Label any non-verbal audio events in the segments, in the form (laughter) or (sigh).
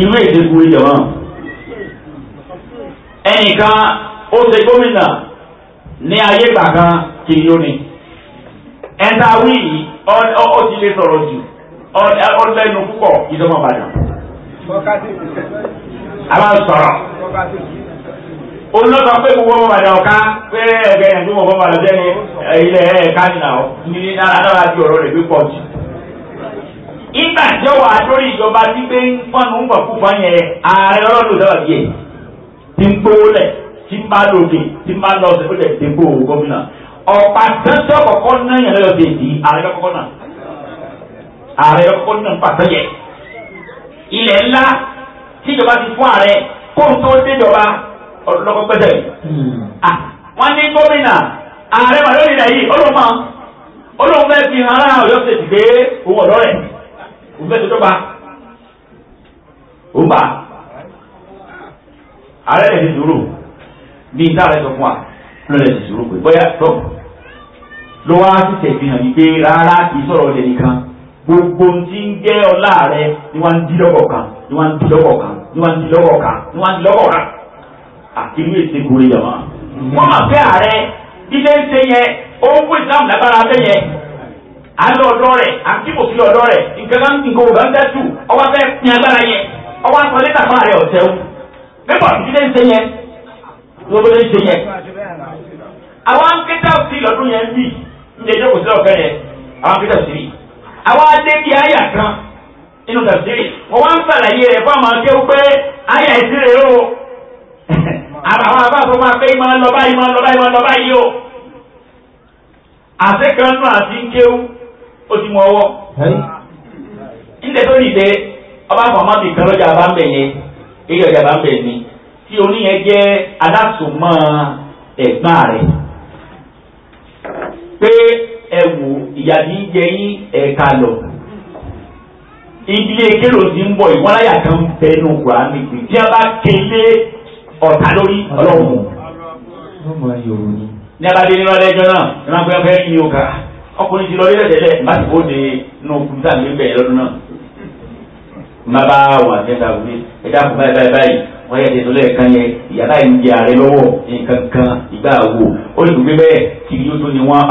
irú èdè kúrú jọ̀wọ́ ẹnìkan ó ṣe gómìnà ní ayé gbàgbà kìló ni ẹ̀ńtà wíì ó ti lè sọ̀rọ̀ jù ó lẹ́nu púpọ̀ ìjọba Ìbàdàn àwọn sọ̀rọ̀ olùlọ́sọ pé gbogbo ọmọ Ìbàdàn ọ̀ká pé ẹgbẹ́ ẹ̀dúnmọ̀ ọmọ Ìbàdàn jẹ́ ní ilẹ̀ ẹ̀ka nìyàwó ní náírà náírà ti ọ̀rọ̀ rẹ̀ gbé pọ̀ jù ìgbà jọwọ àtòrí ìjọba gbígbé ń fọnù ń bọ̀ fún fọ́n yẹn ààrẹ ọlọ́dún lọ́wọ́ bíi ẹ̀ ti ń gbówó lẹ̀ ti ń bá lòkè ti ń bá lọ sí ìpínlẹ̀ ti ń gbówó gómìnà ọ̀pá tẹ́tẹ́ ọ̀kọ̀kọ́ náà yẹn lọ́wọ́ bíi èdè ààrẹ ọkọ̀kọ́ náà ààrẹ ọkọ̀kọ́ náà ń pàtó yẹ ilẹ̀ ńlá tí ìjọba ti fún ààrẹ kó n tó déjọba ọ̀dọ́dọ́kọ́ òun fẹ́ sọ́jọ́ba òun bá ààrẹ rẹ̀ ti sòrò bí n táàrẹ̀ sọ fún wa lọ́nà rẹ̀ ti sòrò pé bóyá tọ́ ló wá sísẹ̀ fi hàn yí pé rárá kì í sọ̀rọ̀ ọ̀dẹ̀ nìkan gbogbo tí ń jẹ́ ọlá rẹ ni wọ́n ń di lọ́kọ̀ kan ni wọ́n ń di lọ́kọ̀ kan ni wọ́n ń di lọ́kọ̀ kan ni wọ́n ń di lọ́kọ̀ kan àkínú èsì kúrò yàrá wọ́n máa fẹ́ ààrẹ ilé ń ṣe yẹn ó ń kó ìsìlámù lágbára fẹ́ alọ ọlọrẹ akíbòsílẹ ọlọrẹ nǹkan nǹkan ògbà ń dẹ́tù ọwọ́ fẹ́ pin agbára yẹn ọwọ́ o nígbà tí ilé ń ṣe yẹn lọ́wọ́ lè ṣe yẹn. àwọn akéta sí lọ́dún yẹn bí ní ẹjọ́ kò sí ọ̀fẹ́ yẹn àwọn akéta rí. àwọn adé bíi àyà kan inú wọ́n wá ń sàlàyé fún àwọn pé àyà o àwọn ó ti mọ ọwọ́. nígbà tó dìde ọba àfọmọ́ bì kan lọ́jà bá ń bẹ̀ yẹn èyí ọjà bá ń bẹ̀ mi tí oníyẹn jẹ́ rẹ̀ pé ẹ wò ìyàbí jẹ yín ẹ̀ka lọ ìdílé kérò ti ń bọ̀ ìwọ́n bá kéde ọ̀tá lórí ọlọ́run. ní abadé nínú ọlẹ́jọ́ náà gbé ọkùnrin ti lọ ilé tẹ́lẹ̀ má ti bó de inú kúta mi bẹ̀ lọ́dún náà má bá wà nígbà wí ẹ dákun báyìí báyìí báyìí wọ́n yẹ tẹ̀sán lẹ́ẹ̀kan yẹn ìyá báyìí ń jẹ ààrẹ lọ́wọ́ nǹkan kan ìgbà wo ó lè gbé bẹ́ẹ̀ kiri ó tó ni wọ́n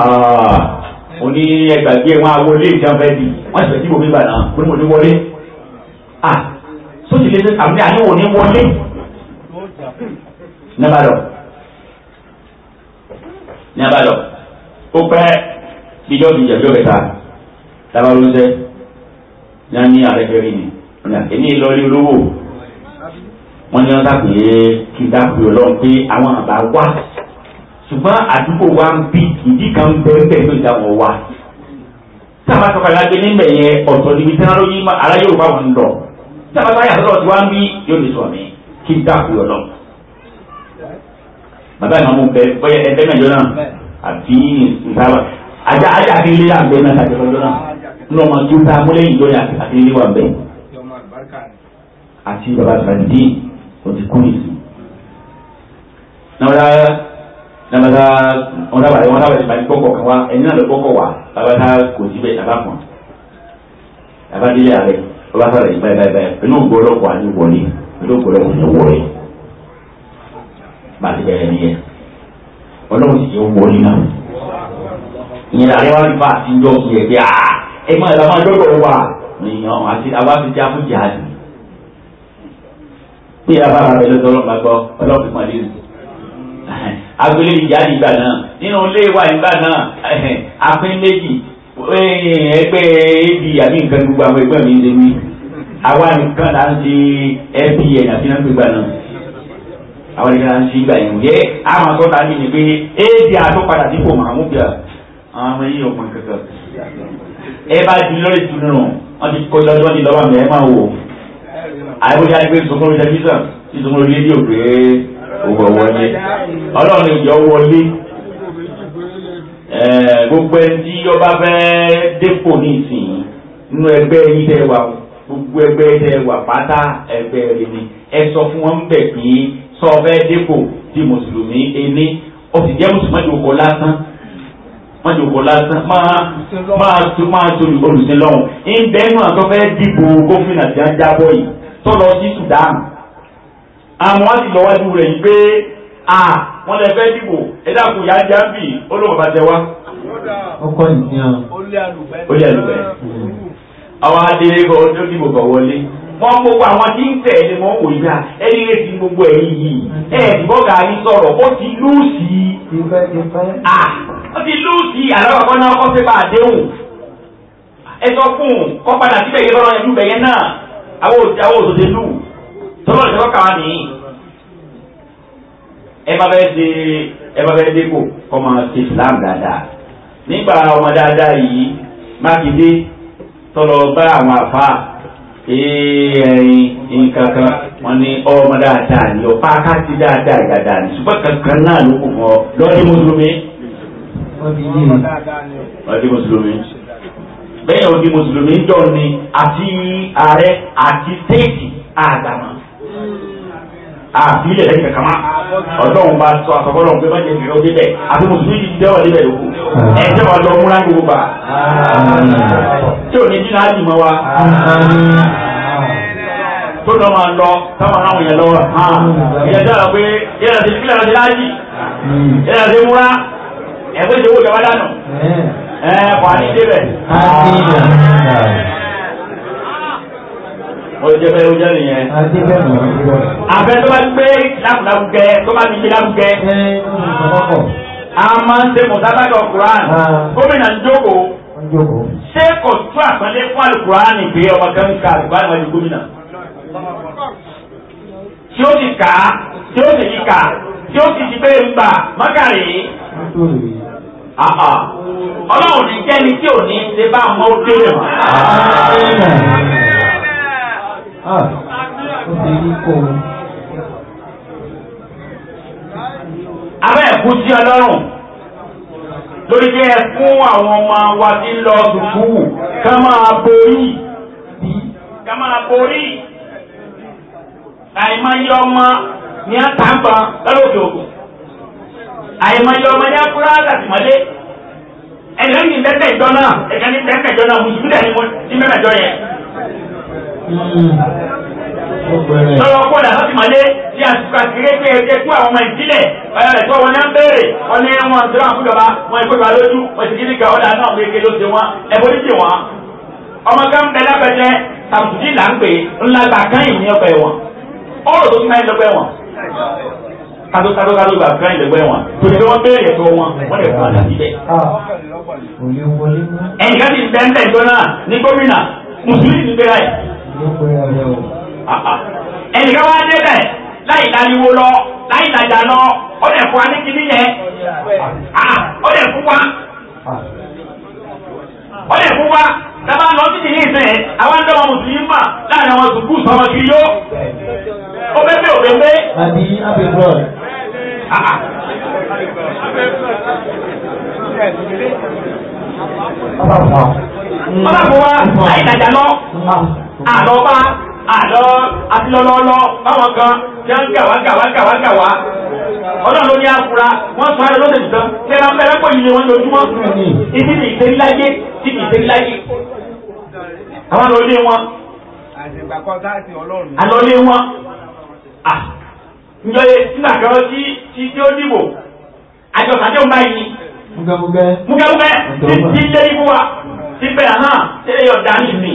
oní ẹgbàgbé wọn awo ilé ìjàmbá ẹbí wọ́n ti fẹ́ kí bomi bàná onímọ̀ ní wọlé ah sóòtì lè ṣe àmì àníwò ní wọlé ní abalọ ní abalọ ó pẹ́ bíjọ́ bíi ìjàjọ́ kẹta tábà ló ń sẹ́ ní a ní ààrẹ fẹ́rí ni èmi lọ rí olówó wọ́n ní wọ́n dàpé kí n dàpé ọlọ́run pé àwọn àbá wá ṣùgbọ́n àdúgbò wa ń bí ìdí kan bẹ́ẹ̀ bẹ́ẹ̀ ló ń dà wọ́n wá sábà sọ̀rọ̀ alágbé níbẹ̀ yẹn ọ̀tọ̀ níbi tí wọ́n yí ara yóò bá wọn lọ sábà sáyà sọ̀rọ̀ tí wọ́n ń bí yóò ní sọ̀mí kí n dàpé ọlọ́run. bàbá ìmọ̀ mú bẹ́ẹ̀ bọ́yá ẹgbẹ́ ajá ajá fi lé à ń bẹ náà kàjọ lọ́dọ́ náà ní ọmọ tó ta amúlẹ́yìn lórí àti lé wà ń bẹ. àti bàbá sàǹdí o ti kú nìsín. nàbàdà nàbàdà ọ̀nàbàdà ọ̀nàbàdà ìbàdí gbọ́kọ̀ kan wá ẹ̀yìn náà lọ gbọ́kọ̀ wá bàbá kò sí bẹ́ẹ̀ bàbá kan bàbá délé ààrẹ bàbá sọ̀rọ̀ yìí báyìí báyìí inú gbọ́lọ́pọ̀ àti wọlé inú gbọ́lọ́pọ̀ ni wọlé bàtí bẹ̀rẹ̀ nìyẹn ọlọ́run sì yẹ wọlé náà ìyẹn làwọn wá rí bá àti ń dọ̀kì ẹ̀ pé à ẹ máa ẹ̀ máa dọ́dọ̀ wà ìyẹn àwọn àti àwa ti já fún jihadi. bí ẹ bá ara rẹ lọ́dọ̀ ọlọ́pàá gbọ́ ọlọ́pàá máa lé nù. agbélé ìjáde ìgbà náà nínú ilé wa ìgbà náà apín (laughs) méjì ẹgbẹ́ ebi àbí nǹkan gbogbo àwọn ẹgbẹ́ mi ń ṣe mí àwa nìkan là ń ṣe fpn àbí náà gbégbá náà àwọn nìkan là ń ṣe ìgbà yẹn yẹ àwọn àtọ́ta mi ni pé éèdì àtọ́padà dípò màmú bíà àwọn ọmọ yìí ò mọ kankan. ẹ bá di lórí dunu wọn ti kọjá lọ́wọ́ ní lọ́wọ́ mi ẹ máa wò. àìbójú àdìgbé sọmọlù tẹlifíṣàn tí sọmọlù rédíò pé owó wọlé ọlọ́run ní ìjọ wọlé gbogbo ẹni tí ọba fẹ́ dépò ní ìsìn nínú ẹgbẹ́ yìí tẹ́ wà gbogbo ẹgbẹ́ tẹ́ wà pátá ẹgbẹ́ rẹ̀ ni ẹ sọ fún wọn bẹ̀ pé sọ fẹ́ dépò di mùsùlùmí ẹni ó sì jẹ́ mùsùlùmí àti òkò lásán má jòkó lásán máa tó olùsìn lọ́hùn ìbẹ́nu àtọ́fẹ́ dìbò gómìnà tí a jábọ̀ yìí tó lọ sí Sudan àmọ́ àti lọ́wọ́dù rẹ̀ yìí pé à wọ́n lè fẹ́ dìbò ẹ̀dá kò yá já bì olóòbá tẹ wá. ó kọ́ nìyẹn ó lé àlùbẹ́. àwọn adìyẹ kò tó dìbò kọ̀ wọlé wọn gbogbo àwọn tí ń tẹ̀ ẹ́ ni wọ́n yá ẹni retí gbogbo ẹ̀yìn yìí ẹ̀ yìí sọ̀rọ̀ ó ti lùsì í. Ìfẹ́ ìfẹ́. À ó ti lù sí àlọ́kọ̀ọ́ náà kọ́ pépà àdéhùn. Ẹ sọ fún un kọ́ padà síbẹ̀ yẹn lọ́rọ̀ ẹ̀lú bẹ̀yẹn náà. Àwọn òṣòṣè lù. Tọ́lọ̀ ìṣẹ́ kọ́kà wá nìyí. Ẹ bá bẹ́ẹ̀ ṣe ẹ bá bẹ́ẹ̀ dépò kọ́ máa ṣe Islam dáadáa. Nígbà ọmọ dáadáa yìí, Mákindé tọ́lọ bá àwọn àfáà ẹ̀rin nǹkan kan wọ́n ní ọmọ dáadáa ní ọ̀pá káàtì dáadáa ìdàdà ní ṣùgbọ́n kankan náà ló kù fún ọ lọ́dí mùsùlùmí. lọ́dí mùsùlùmí. bẹ́ẹ̀ òdi mùsùlùmí jọ ni àti ààrẹ àti téèkì àdàmà àbílẹ̀ lẹ́yìn kankan mọ́ ọlọ́run bá sọ àtọ́fọ́lọ́run pé bájẹ́ ìrìn ọdẹ bẹ́ẹ̀ àti mùsùlùmí ti dẹ́wà débẹ̀ lóko ẹ̀jẹ̀ wa lọ múra ní gbogbo tí ò ní dín láti mọ wa tó lọ́ máa lọ táwọn aráwọ̀ yẹn lọ́wọ́ ìyá dára pé yàrá ti kílẹ̀ àti láàyè yàrá ti múra ẹ̀fọ́ ìṣòwò ìjọba dànù ẹ̀ kò á ní débẹ̀ ọjọ́ fẹ́ ọjọ́ nìyẹn. àfẹ́ tó bá gbé lábùdàbùgẹ tó bá fi ṣe lábùgẹ. a máa ń ṣe mọ̀tàbàdàn kuran ah. gómìnà ń jókòó ṣé kò tún àpẹẹrẹ fún alukurani pé ọmọ kan ń ka alukurani wájú gómìnà. tí ó ti kà á tí ó sì ti kà tí ó sì ti pé ń bà mọ́kàrí. ọlọ́run ní jẹ́ni tí ò ní ṣe bá ọmọ ó délé wọn. Ah, ó ti rí kó o. abẹ́ ẹ̀kú sí ọlọ́run lórí jẹ́ fún àwọn ọmọ wa tí ń lọ sùkúù ká máa borí ká máa borí àìmọye ọmọ ní àtàǹgbà lọ́lọ́dọ̀ ògùn àìmọye ọmọ ní akúrá àtàtìmọ́lé ẹ̀yọ́ ní ìdẹ́tẹ̀ ìjọ náà ẹ̀ka ní ìdẹ́tẹ̀ ìjọ náà mùsùlùmí sọ̀rọ̀ kó dà láti mọ̀lé tí a sùkà kéré pé ẹgbẹ́ fún àwọn ọmọ ìpínlẹ̀ ọ̀yọ́ rẹ̀ tó wọn náà ń béèrè wọn ní wọn tó náà fúnjọba wọn ìkójọba lójú wọn ti kíni ká ọ̀dà náà wọ́n ké ló ṣe wọn ẹ̀bùn ní ti wọn. ọmọ kan bẹ lábẹ́jẹ́ tàbùtì là ń pè ńlá gbà kan yìí ní ọgbẹ́ wọn ọ̀rọ̀ tó ti máa ń lọ́gbẹ́ wọn. kátó kátó kátó gbà kan yìí lọ́gbẹ́ wọn tó ti wọ́n béèrè tó wọn wọ́n lè fún àdá síbẹ̀. Ah. ẹnìkan ti bẹ́ńbẹ́ gbọ́ná ní gómìnà mùsùlùmí ti gbéra ẹ̀ ẹnìkan wá débẹ̀ láì láriwo lọ láì làjà lọ ó lè fún wa ní kíní yẹn ó lè fún wa ó lè fún wa sábà lọ sí ìdílé ìsìn àwọn ẹgbẹ́ mùsùlùmí mà láàrin àwọn sùkú sọmọ kiri yó ó fẹ́ fẹ́ òwe pé. àbí abẹ́bọ̀ ọba kò wá láì dájà lọ àlọ́ bá àlọ́ atilọ́lọ́lọ́ báwọn kan tí wọ́n ń gà wá gà wá gà wá gà wá ọlọ́run ló ní àfúrá wọ́n sọ ayọ̀ lọ́sẹ̀ tuntun tí ẹran fẹ́rẹ́ pọ̀ yìí ni wọ́n lójúmọ́ ìdí ni ìtẹ́láyé tí kì í tẹ́láyé àwọn lọ lé wọn. àlọ́ lé wọn njọ́ yẹ nígbà kan tí tí ó dìbò àjọ sàdéhùn báyìí múgẹ́múgẹ́. múgẹ́múgẹ́ ti lé ibú wa ti bẹ̀rẹ̀ hàn tẹ́lẹ̀ yọ̀ dá ní mi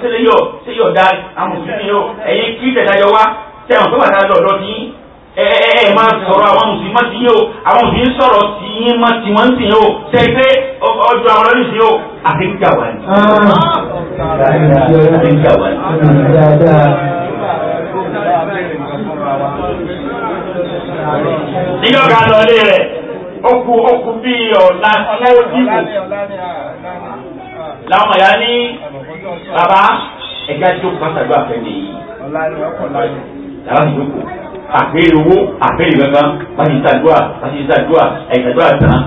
tẹ́lẹ̀ yọ̀ tẹ́lẹ̀ yọ̀ dá àwọn mùsùlùmí yọ̀ ẹ̀yin kí tẹ̀dájọ́ wa tẹ̀wọ̀n tó bàtà lọ́dọ̀ tí ẹ ẹ ẹ máa sọ̀rọ̀ àwọn mùsùlùmí ti yín o àwọn mùsùlùmí sọ̀rọ̀ ti yín má ti wọ́n ti yín o tẹ́ pé ọjọ́ àwọn ọlọ́run ti yín o àti gbígbà wà ní. gbígbà ah. wà ní níjọ́ ká lọ ilé rẹ̀ oku oku bí ọ̀la ó dìbò ah, làwọn ọ̀yà ní bàbá ẹ̀já tó kọ́ sàdúrà fẹ́ nìyí. làwọn ìjókòó àpérè owó àpérè gbẹngàn pàṣẹ sàdúrà pàṣẹ sàdúrà ẹ̀sàdúrà tán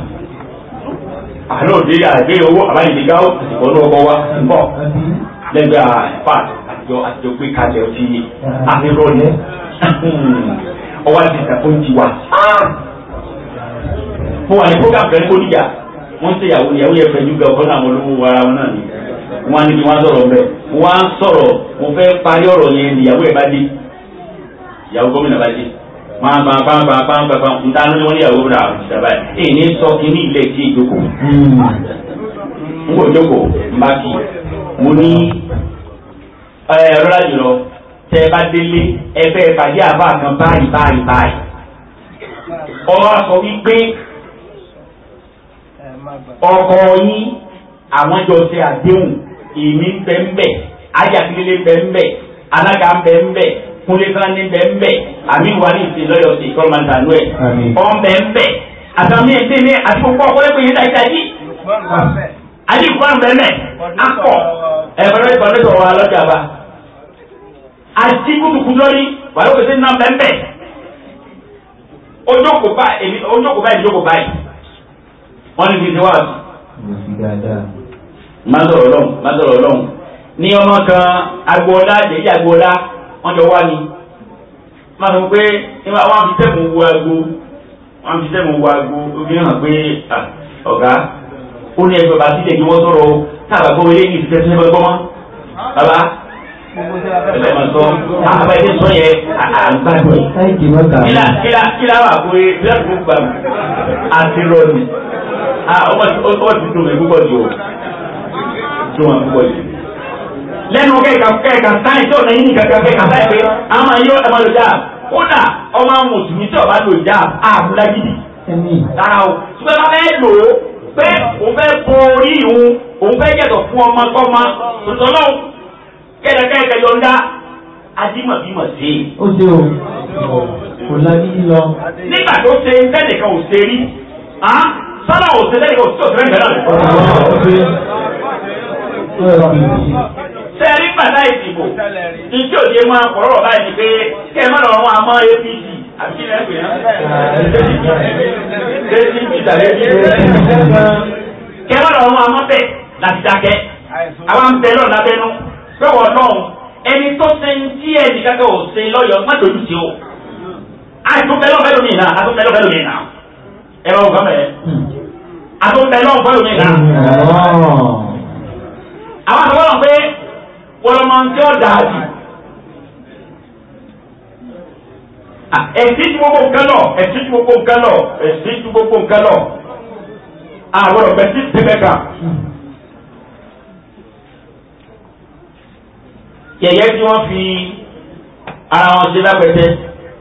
àlọ́ òde àgbérè owó àbáyédégbà àsìkò ọlọ́wọ́ wa ń bọ̀ lẹ́gbẹ̀ẹ́ àìfà àjọ àjọ pé kalẹ̀ ọtí àfihàn ni ah. hmm. ọwọ́ àti ìsàkóńtì wa mo wà ní program pẹ̀lú oníjà wọ́n ṣe ìyàwó ìyàwó yẹn pẹ̀lú ga ọ̀kan àwọn olówó ara wọn náà ni wọ́n á ní kí wọ́n á sọ̀rọ̀ bẹ́ẹ̀ mo wá sọ̀rọ̀ mo fẹ́ parí ọ̀rọ̀ yẹn ni ìyàwó ẹ̀ bá dé ìyàwó gómìnà bá dé máa bá bá bá bá bá bá ń dáná wọn ní ìyàwó rà ìjàmbá yìí ní sọ kíní ilé tí ìjókòó n kò jókòó n bá kì í mo ní ọlọ́lá jùlọ tẹ ẹ bá délé ẹ fẹ́ ọlọ́wà sọ wípé ọkọ yín àwọn jọ ṣe àdéhùn èmi ń bẹ ń bẹ ayàkílélé ń bẹ ń bẹ alága ń bẹ ń bẹ kúnlé sanni ń bẹ ń bẹ àmì wà ní ìsìn lọ́yọ̀ sí kọ́lọ́mọ̀tà nù ẹ̀ ọ̀ ń bẹ ń bẹ àtàwọn ẹ̀ ń tẹ̀lé àti kókó ọkọlẹ́kọ̀ọ́ yẹn dáadáa yìí àti ìkọ́n bẹ mẹ́ akọ ẹ̀fọ́nrẹ́ ìkọ́nrẹ́ sọ̀rọ̀ alọ́jà wa àti kùtùkù lórí wàlúùkù sí nà bẹ́ẹ̀ bẹ́ẹ̀ ojókòó báyìí ojókòó báyìí wọ́n ní fi ti wá sí. má sọ̀rọ̀ lọ́hùn má sọ̀rọ̀ lọ́hùn ní ọmọ kan agboola jẹ́jẹ́ agboola wọ́n jọ wá ni má sọ pé wọ́n fi tẹ̀mù wo agbo wọ́n fi tẹ̀mù wo agbo obìnrin hàn pé ọ̀gá ó ní ẹgbẹ́ bá sílẹ̀ kí wọ́n sọ̀rọ̀ o táàbà gbọ́ wọlé ní ìfẹ́ sílẹ̀ gbọ́ mọ́ bàbá ẹgbẹ́ máa sọ àbá ilé sọ yẹ àgbàdo yìí kílá kílá kílá wà pé bẹ́ẹ̀ ló gbà àti rọ̀ ni ọmọ ti dùn mí púpọ̀ jù o dùn mí púpọ̀ jù. lẹ́nu kẹ́kà kẹ́kà sáì tó ní ní kẹ́kà kẹ́kà sáì pé a máa yọ ẹ̀ máa lò dáa kódà ọmọ mùsùlùmí tí ọba lò dáa àbúlá gidi. rárá o ṣùgbọ́n bá fẹ́ lò ó pé òun fẹ́ borí ìhun òun fẹ́ yẹ̀tọ̀ fún ọmọ tọ́mọ tòtọ́lọ́ kẹ́kẹ́kẹ́ yọ̀ǹda adímọ̀bímọ̀ sí i. ó ṣe o kò lágídí lọ. nígbà tó ṣe tẹ́nìkan ò ṣe rí sálà ò tẹ́lẹ̀ ìwọ tí ò tẹ́lẹ̀ ìbẹ̀rẹ̀ rẹ̀. sẹ́rí bàtà ìdìbò ìdí òde máa kọ̀rọ̀ báyìí ni pé kẹ́ ẹ má lọ wọn àmọ́ APC àti ilẹ̀ ẹgbẹ̀ yẹn. kẹ́ ẹ má lọ wọn àmọ́ bẹ̀ láti dákẹ́ àwọn ń bẹ lọ́nà abẹ́nú pé wọ́n náà ẹni tó ṣe ń tí ẹni kankan ò ṣe lọ́yọ̀ má dojú sí o àìtúbẹ́lọ́bẹ́lómi náà àtúbẹ́lọ́bẹ́lómi náà ẹ̀rọ ọ̀gá àtúntẹ̀ náà fọ́ lómi kan. Oh. àwọn àtọ́wọ́ náà pé wọ́n máa ń tí ó dáa jù. ẹ̀sìn ju gbogbo nǹkan lọ ẹ̀sìn ju gbogbo nǹkan lọ ẹ̀sìn ju gbogbo nǹkan lọ àwọn ọ̀gbẹ́ tí ti bẹ̀ kà. yẹ̀yẹ́ tí wọ́n fi ara wọn ṣe lápẹ̀tẹ́.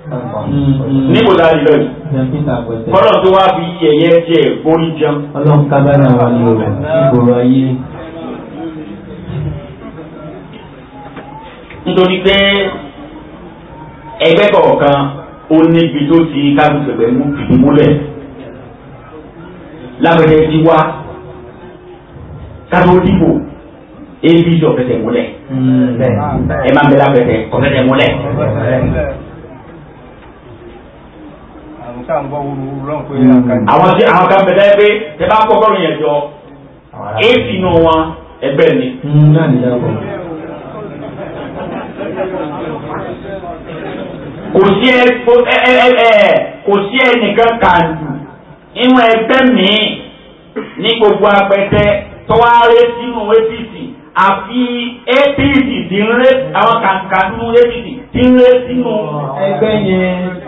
Mm. níbo la yọ yìí kọ́lọ̀ tó wá fi yẹyẹ jẹ orí jẹun. ọlọ́run kábàárà wà ní òòrùn ìgboro ayé. nítorí pé ẹgbẹ́ kọ̀ọ̀kan ó níbi tó ti kábùsẹ̀gbẹ̀ mú múlẹ̀ lábẹ́rẹ́ ti wá kátó dìbò ebi jọ fẹsẹ̀ múlẹ̀ mm, ẹ máa ń bẹ lábẹ́rẹ́ kọ fẹsẹ̀ múlẹ̀ sáàmbọ̀ wúru rán pé àkàndé. àwọn tí àwọn kan bẹ̀rẹ̀ pé tẹ bá kọ́kọ́ rìn ẹ̀jọ́ éèdì nù wọn ẹgbẹ́ ni. Hmm, kò sí ẹ kò sí ẹnìkan kàǹdù inú ẹgbẹ́ míì ní gbogbo apẹtẹ tọ́wárẹ́ sínú apc àfi apc ti ń rẹ́ àwọn kàǹkà nínú apc ti ń rẹ́ sínú ẹgbẹ́ yẹn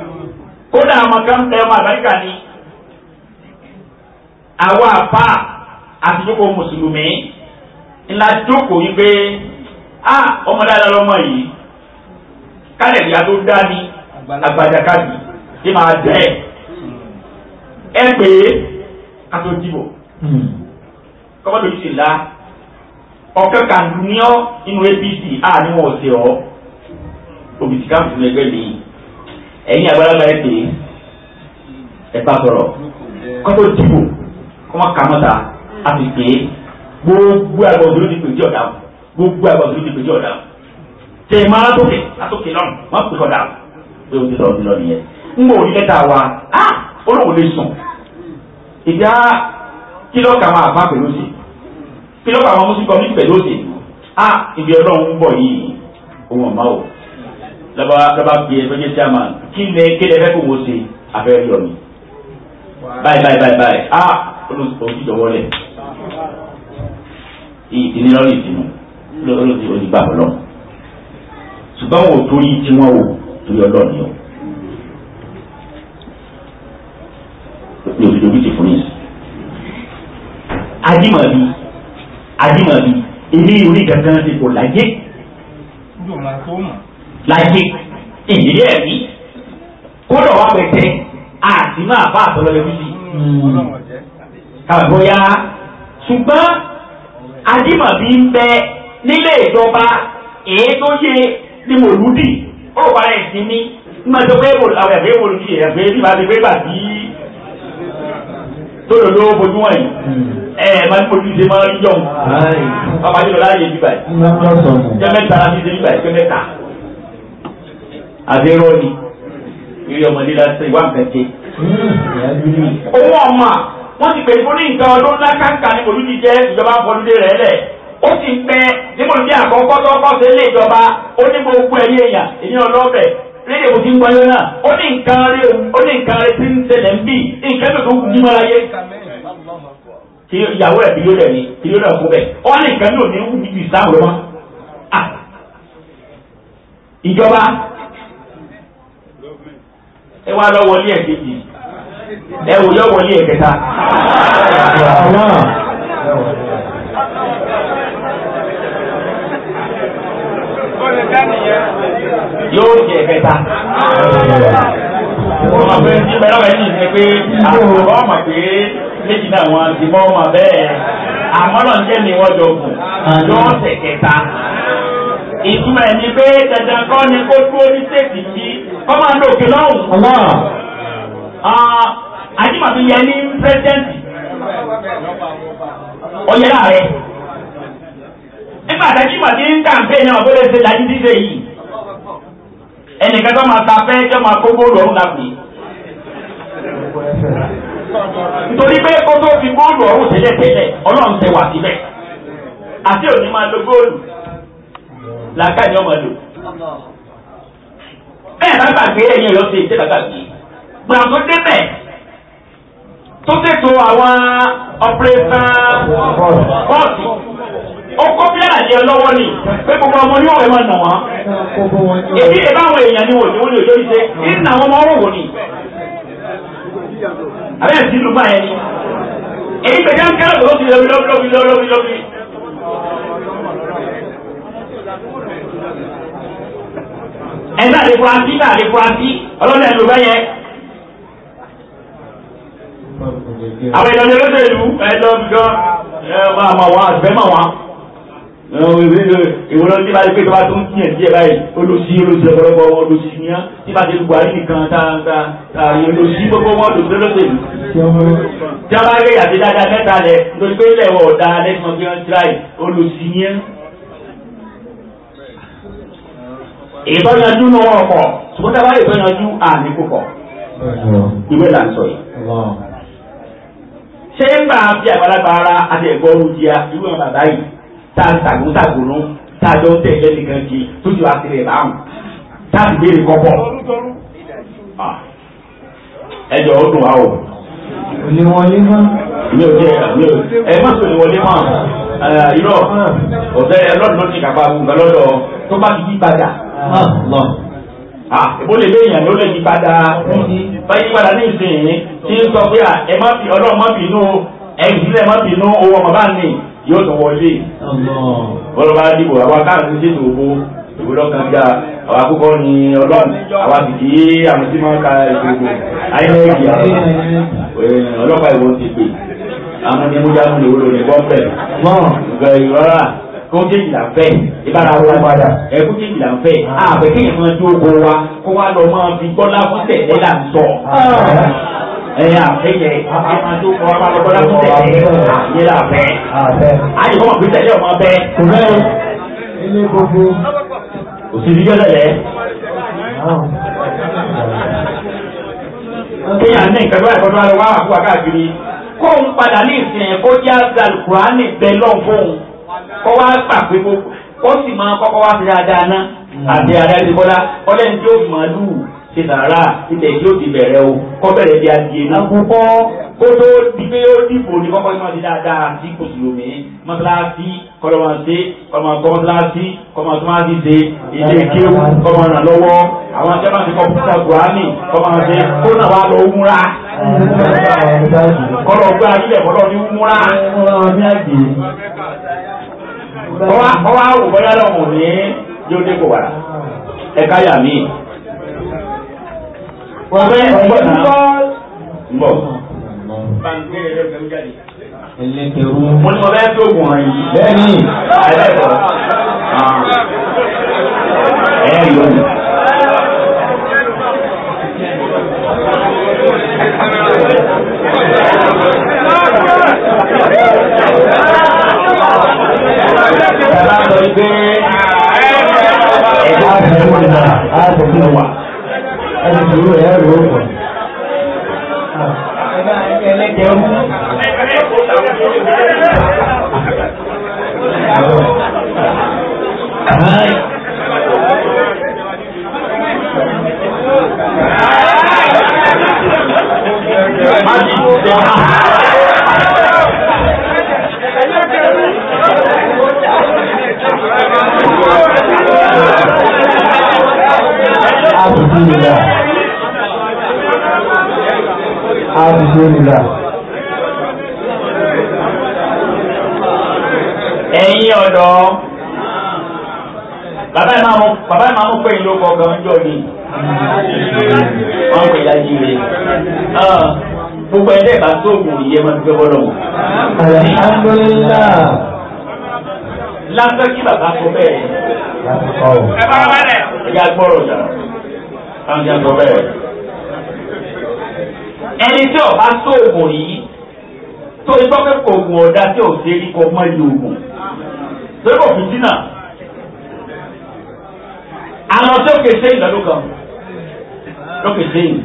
kódà àwọn kan tẹ ọmọ àbáríkà ni àwọn àbá àtijọ́kọ̀ mùsùlùmí ńlá jókòó yìí pé a ọmọ dáadáa lọ́mọ yìí kálẹ̀ ìyá tó dá ní àgbàjà káàdì kí máa jẹ́ ẹ pé kátó dìbò kọ́kọ́ lóyún sì la ọ̀kẹ́ kàndùnìọ́ inú apc a ni wọ́n ṣe ọ́ òbítí káàpù lẹ́gbẹ̀ẹ́ lẹ́yìn ẹ̀yin àgbàlagbà ẹ̀ pè é ẹ̀fà sọ̀rọ̀ kọ́tò dìbò kọ́mọ kàmọ́ta a sì pè é gbogbo àgbàdo ní pèjì ọ̀dà gbogbo àgbàdo ní pèjì ọ̀dà tẹ̀ máa látòkè látòkè lọ́nù wọ́n pè ọ̀dà pé o ti lọ́ọ̀ ti lọ nìyẹn ń gbọ́ òní mẹ́ta wa á olóhùn lè sùn ìjà kílọ̀ kà máa bá pẹ̀lú sí kílọ̀ kà máa mú sí kọ́ ní pẹ̀lú sí á ìgbẹ́ ọlọ́run ń bọ̀ yìí òun ọ̀ lọ́ba bí ẹ méjì chairman kí ni kéde fẹ́ kó wo ṣe afẹ́ rí ọ̀nì báyìí báyìí báyìí báyìí a olùsí ìjọwọ́ lẹ̀ ìdínlọ́rì ìdìnnú olùsí onígbà ọlọ́ ṣùgbọ́n wọn ò torí tí wọ́n wò torí ọlọ́ọ̀ni o ní òbídòbí ti fún yín adímọ̀bí adímọ̀bí èmi ìwé kankan ti kò láyé láyé ìdílé ẹ̀mí kódà wà pẹ̀tẹ́ àti máa bá àtọ́lọ́lẹ́ wíwí. kàbọ̀yà ṣùgbọ́n adímọ̀bí ń bẹ nílé ìjọba èyí tó yẹ ni mòlúdì ó parẹ́ ìsinmi nígbà tó pé àwọn ẹ̀fẹ́ mòlúdì ẹ̀fẹ́ nígbà tó pé bàbí tó lò ló bojú wọ̀nyí ẹ ẹ máa ń fojú ṣe máa ń yọ̀ ọ́n bàbá yìí lọ láàyè bíbà yìí jẹ́ mẹ́ta láti ṣe bíbà yìí jẹ́ mẹ́ta àbẹ̀rọ ni eré ọmọdé lásán ìwà nǹkan jẹ. owó ọmọ wọn ti pè é fún ní nǹkan ọdún ńlá káńkà ní mòlúdi jẹ ìjọba àfọlùdé rẹ lẹ ó sì ń pẹ ní mòlúdi àkọ́kọ́ tó kọ́ sí ilé ìjọba ó ní gbogbo ẹ̀yẹ èèyàn èyí ọlọ́bẹ̀ lédè mo ti ń gbọ́yọ́ náà ó ní nǹkan rẹ ó ní nǹkan rẹ ti ń ṣẹlẹ̀ ń bì nǹkan tó kù ní mọ́ra yé tí ìyàwó rẹ̀ bílíọ̀ rẹ̀ ni bílíọ̀ rẹ̀ kú bẹ̀ ó ní nǹkan tó ní wù níbi ìsáwọ̀ rẹ̀ ìjọba ẹ wá lọ wọlé ẹ̀ kejì ẹ wò yọ yóò jẹ ẹ̀kẹta ọmọ pé ní bẹ́ẹ̀ lọ́wọ́ ẹ̀yìn pé àwọn ọmọ pé méjì náà wọn ti mọ́ ọmọ bẹ́ẹ̀ àmọ́ náà jẹ́ ìtumọ̀ ẹ̀ ni pé dandan kọ́ ni kó dúró ní stéètì yìí kọ́ máa ń lo òkè lọ́hùn. àdìmọ̀tò yẹ ní pírẹsidẹ́ǹtì ọ̀yẹ́ láàrẹ̀ nígbà tí àdìmọ̀tò ń kàǹpé náà bó lè ṣe dájú dídé yìí ẹnìkan tó máa ta fẹ́ tó máa kó bóòlù ọ̀hún náà pè é nítorí pé kó tó fi bóòlù ọ̀hún tẹ́lẹ̀ ọlọ́run tẹ wà síbẹ̀ àti òní máa lo bóòlù làákàyè ọmọ lò ẹ bá gbàgbé ẹ̀yìn ọ̀yọ́ sí ìjẹ́ bá gbàgbé gbàgbọ́ débẹ̀ tó tètò àwọn ọ̀pẹ̀rẹ̀ta bọ́ọ̀sì o kó bí àlẹ́ ọlọ́wọ́ ni pé gbogbo ọmọ ní ọ̀rẹ́ máa nà wọ́n èyí ẹ̀ báwọn èèyàn ni wòlíwò ní òjò ìṣe kí nà wọ́n mọ́ wò ni. abẹ́rẹ́ sí ìlú báyẹn ni èyí gbẹ̀dẹ́ ń kẹ́rọ̀ tó ti lọ́wọ́ lọ́wọ́ lọ́wọ́ lọ́wọ́ ẹ̀dá lè fura sí náà lè fura sí ọlọ́dẹ ẹ̀dùn bẹ́yẹ. àwọn ìdánjẹ olóṣèlú ẹ̀dọ́ gan ẹ̀ máa ma wá àgbẹ̀ máa wá. ìwé lọ́dún tí bá ti pé tó bá tó ń tiẹ̀ díẹ̀ báyìí olóṣì olóṣì ọ̀pọ̀lọpọ̀ wọn olóṣì ni á tí bá ti lu buhari nìkan tá a olóṣì gbogbo wọn olóṣì olóṣèlú. jábá yẹ yàtí dáadáa mẹ́ta lẹ̀ nítorí pé ilẹ̀ wọ̀ ọ̀dà lẹ́sàn-án bí wọ́n ti ráì olóṣì ni á. èyí tó yanjú ní wọn kọ ṣùgbọ́n tá a bá yẹ tó yanjú àmì púpọ̀ ìwé là ń sọ yìí. ṣé ń bá a fi àgbàlagbà ara àti ẹ̀gbọ́n ọ̀hún di a irú àwọn bàbá yìí tá a ṣàgùn ṣàgùnú tá a jọ ń tẹ̀lé nìkan kí tó ju àtìrẹ̀ báwùn tá a sì béèrè kọ́kọ́. ẹ jọ ó dùn wá o. oníwọlé mọ́. mi ò jẹ ẹ má sọ oníwọlé mọ́ irọ́ ọ̀sẹ̀ ẹ lọ́dún ló ti kàpá gbogbo lọ́dọ̀ tó bá ti yí padà lọ. Ah, èbó lè lé èèyàn ló lè yí padà báyìí padà ní ìsìn tí ń sọ pé ẹ má fi ọlọ́run má bínú ẹ̀yìn má bínú owó ọmọ bá ní yóò tó wọlé. Bọ́lá bá dìbò àwa káàkiri ṣètò owó ìwúlọ́ kan gbà àwọn akókò ní ọlọ́run àwọn àbìkí àwọn tí máa ka ìgbòho ayélujára ọlọ́pàá ìwọ̀n ti pè àwọn onímúdàmú lòwúlò ní bọ́ọ̀bẹ̀. Bẹ́ẹ̀ ìrọ́rà kó jẹ́ ìlà fẹ́ ìbára wa padà ẹ̀kú jẹ́ ìlà fẹ́ àbẹ̀ kí ìmọ̀ tó kó wa kó wa lọ máa fi gbọ́lá fún tẹ̀lé là ń sọ. Ah. ẹ̀yà àfẹ́yẹ ìmọ̀ tó kọ́ wa lọ gbọ́lá fún tẹ̀lé àyè ah, ah, là fẹ́. àyè kọ́ mọ̀ pé tẹ̀lé ọmọ bẹ́. kò bẹ́ẹ̀ ilé gbogbo. òsibí gbẹ́lẹ̀ lẹ́ kéèyàn ní nǹkan tó wà lọ́dọ̀ wá wà fún wa káàkiri kó ń padà ní ìsìn ẹ̀kọ́ jẹ́ àgbàlùkùránì bẹ́ẹ̀ lọ́n fóun kọ́ wá gbà pé gbogbo ó sì máa kọ́kọ́ wá sí dáadáa ná àti adájú bọ́lá ọlẹ́ni tí ó fi máa lù ṣe sàrà ilẹ̀ tí ó ti bẹ̀rẹ̀ o kọ́ bẹ̀rẹ̀ bí adìẹ náà kúkọ́ kó tó di pé ó dìbò ní kọ́kọ́ ní wọ́n ti dáadáa sí kò sì lómi mọ́tíláàsì kọlọ́mọ̀sí kọlọ́mọ̀kọ́ mọ́tíláàsì kọlọ́mọ̀túmáàsì ṣe ilé kíw kọlọ́mọ̀nà lọ́wọ́ àwọn akẹ́kọ̀ọ́ ti kọ́pútà buhari kọlọ́mọ̀sí kó náà wà lọ wúra kọlọ́gbà ilẹ̀ kọlọ́ ní wúra ọwọ́ ọwọ́ àwòbọ́yá lọ́wọ́ ní yóò dé kò wà ẹ̀ka yà mí. ọ̀gbẹ́ ọ̀gbẹ́ náà ń bọ̀. Elékerú. Mo ní mo bẹ́ẹ̀ tó gùn rìn. Bẹ́ẹ̀ni. Ẹ̀rẹ́ bọ̀. Ah. Ẹ̀rẹ́ yóò. dúpẹ́ bọ́lọ̀ mọ́. alhamdulillah. lásán kí bàbá tó bẹ́ẹ̀. ẹ bá wà lẹ̀. ẹ yà gbọ́rọ̀ jà. táwọn yà gbọ́ bẹ́ẹ̀. ẹni tí ọba sóògùn yìí tó igbó pé kò oògùn ọ̀dà tí ò ṣe rí kọ mọ́ ìlú oògùn. lórí òfin dínà àwọn tó kè sẹ́yìn lọ́dún kan lókè sẹ́yìn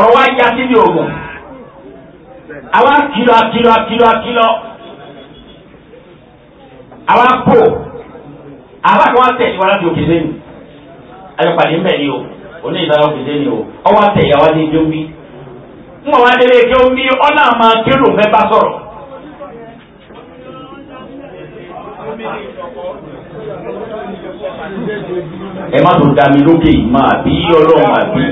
ọ̀rọ̀ wa yá sí ní oògùn àwa kìlọ̀ kìlọ̀ kìlọ̀ kìlọ̀ àwa kò àwa kò wá tẹ̀sí wa láti òkè sẹ́yìn ayọ̀pàdé mbẹ̀ ni o oní ìdára òkè sẹ́yìn o ọwọ́ àtẹ̀yà wa ní ìjọ ń bí ń wọ́n wá délé ìjọ ń bí ọ́nà àmà kérò fẹ́ sọ̀rọ̀. ẹ má tó dami lókè yìí máa bí ọlọ́run àbí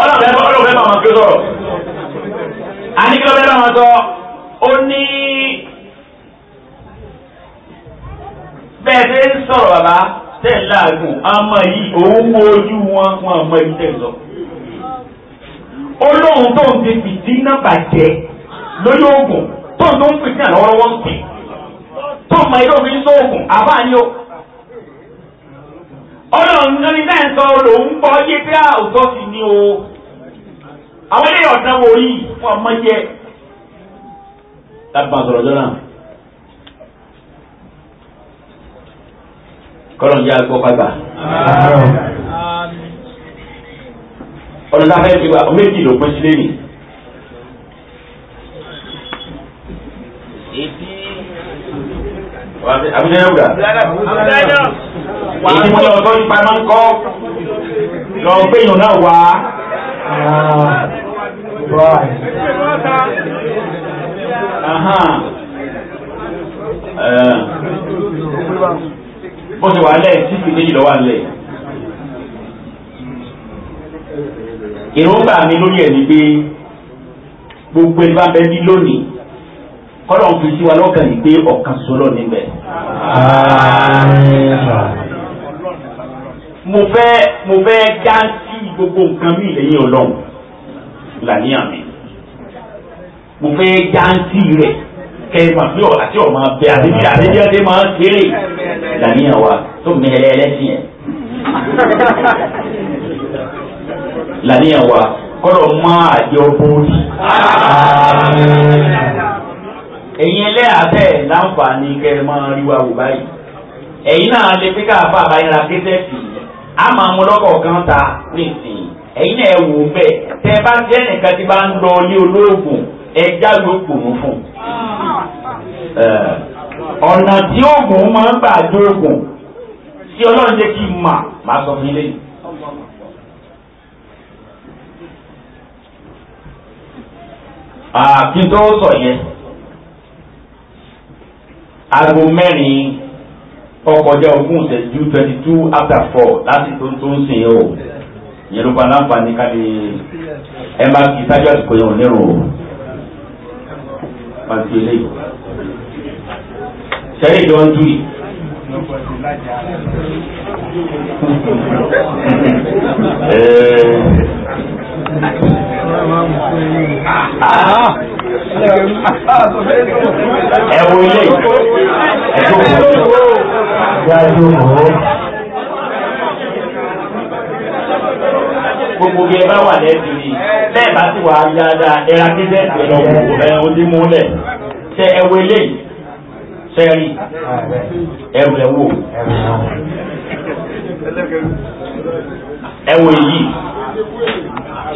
ọlọ́ọ̀bẹ ọlọ́ọ̀bẹ máa ma fi sọ̀rọ̀ àníkílọ́bẹ máa sọ ó ní bẹ́ẹ̀ ṣe ń sọ̀rọ̀ bàbá tẹ̀ láàgùn àmọ́ yìí òun mú ojú wọn wọn àmọ́ yìí tẹ̀ sọ olóhùn tó ń fi fìdí náà bàjẹ́ lórí oògùn tó ń tó ń fìdí náà lọ́wọ́lọ́wọ́ ń pè tó ń mọ ilé òfin sóògùn àbáyọ ọlọ́run náà ní sáyẹn sọ lòun gbọ́ yé pé àwùjọ sì ni o àwọn ilé ọ̀dàn wo yìí fún ọmọ yẹ láti máa sọ̀rọ̀ lọ́nà. kọ́lọ̀ ń jẹ́ àgbọ̀ pàgbà. ọ̀nà tá a fẹ́ fi wá méjì ló pín sí lẹ́yìn. abuja yóò gbà. èyí tí ọ̀dọ́ ipa máa ń kọ́ lọ gbẹ̀yìn náà wá. bó ṣe wà lẹ̀ tí kìíní yìí lọ́wọ́ lẹ̀. èròǹgbà mi lórí ẹ̀ ni pé ah. eh. eh, gbogbo ẹni bá bẹ ní lónìí kọ́lọ́n fi sí wa lọ́kàn yìí pé ọ̀kan sọlọ níbẹ̀. mo fẹ́ mo fẹ́ gáńtì gbogbo nǹkan mi lẹ́yìn ọlọ́run làníyàn mi mo fẹ́ gáńtì rẹ̀ kẹ́ẹ̀mà bí ọ̀la tí ọ̀ma bẹ àdébí àdébí àdé máa ń kéré làníyàn wa tó mẹ́lẹ́ ẹlẹ́sìn yẹn làníyàn wa kọ́lọ̀ máa yọ bóòlì. èyí ẹlẹ́yà bẹ́ẹ̀ láǹfààní kẹ́ ẹ máa rí wa wò báyìí ẹ̀yin náà lè na káàbà àbáyọ̀ra kéṣẹ́ẹ̀tì á máa mú lọ́kọ̀ kan ta nìsín ẹ̀yin náà wò bẹ́ẹ̀ tẹ́ bá ọ̀nà tí oògùn máa ń gbà oògùn tí ọlọ́run jẹ́ n mà máa sọ fún ilé yìí. sọ yẹn. aago mẹ́rin ọkọjá ogún ìṣẹ́jú twenty two after four láti tó tó ń sìn o yẹn ló bá láǹfààní ká lè ẹ máa kí sájú àsìkò yẹn ò ní rò ó máa fi sẹ́yìn ló ń dùn yìí. (laughs) Eh, ẹ wo ilé ìjókòó ìjókòó gbogbo bí ẹ bá wà lẹ́sìn ni bẹ́ẹ̀ bá sì wà á yá dáa ẹ̀rá kíkẹ́ ìjọba òkú ẹ̀ ọdún múlẹ̀ ṣe ẹ wo ilé sẹ́rí ẹrù ẹ̀ ẹ wo èyí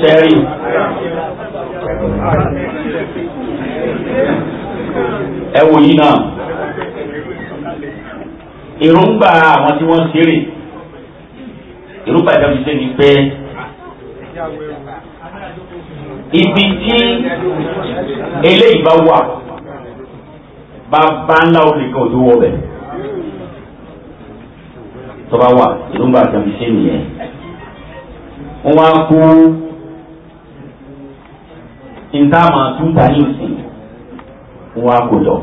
sẹ́rí. ẹ wo yìí náà èròǹgbà àwọn tí wọ́n ṣeré èròǹgbà ìjọba ṣe ni pé ibi tí eléyìí bá wà bàbá ńlá olùkọ́ òjò wọ̀ bẹ̀ tó bá wà èròǹgbà ìjọba ṣe nìyẹn wọ́n wá kó ntaama túta ní ìsìn wọ́n wá kó lọ.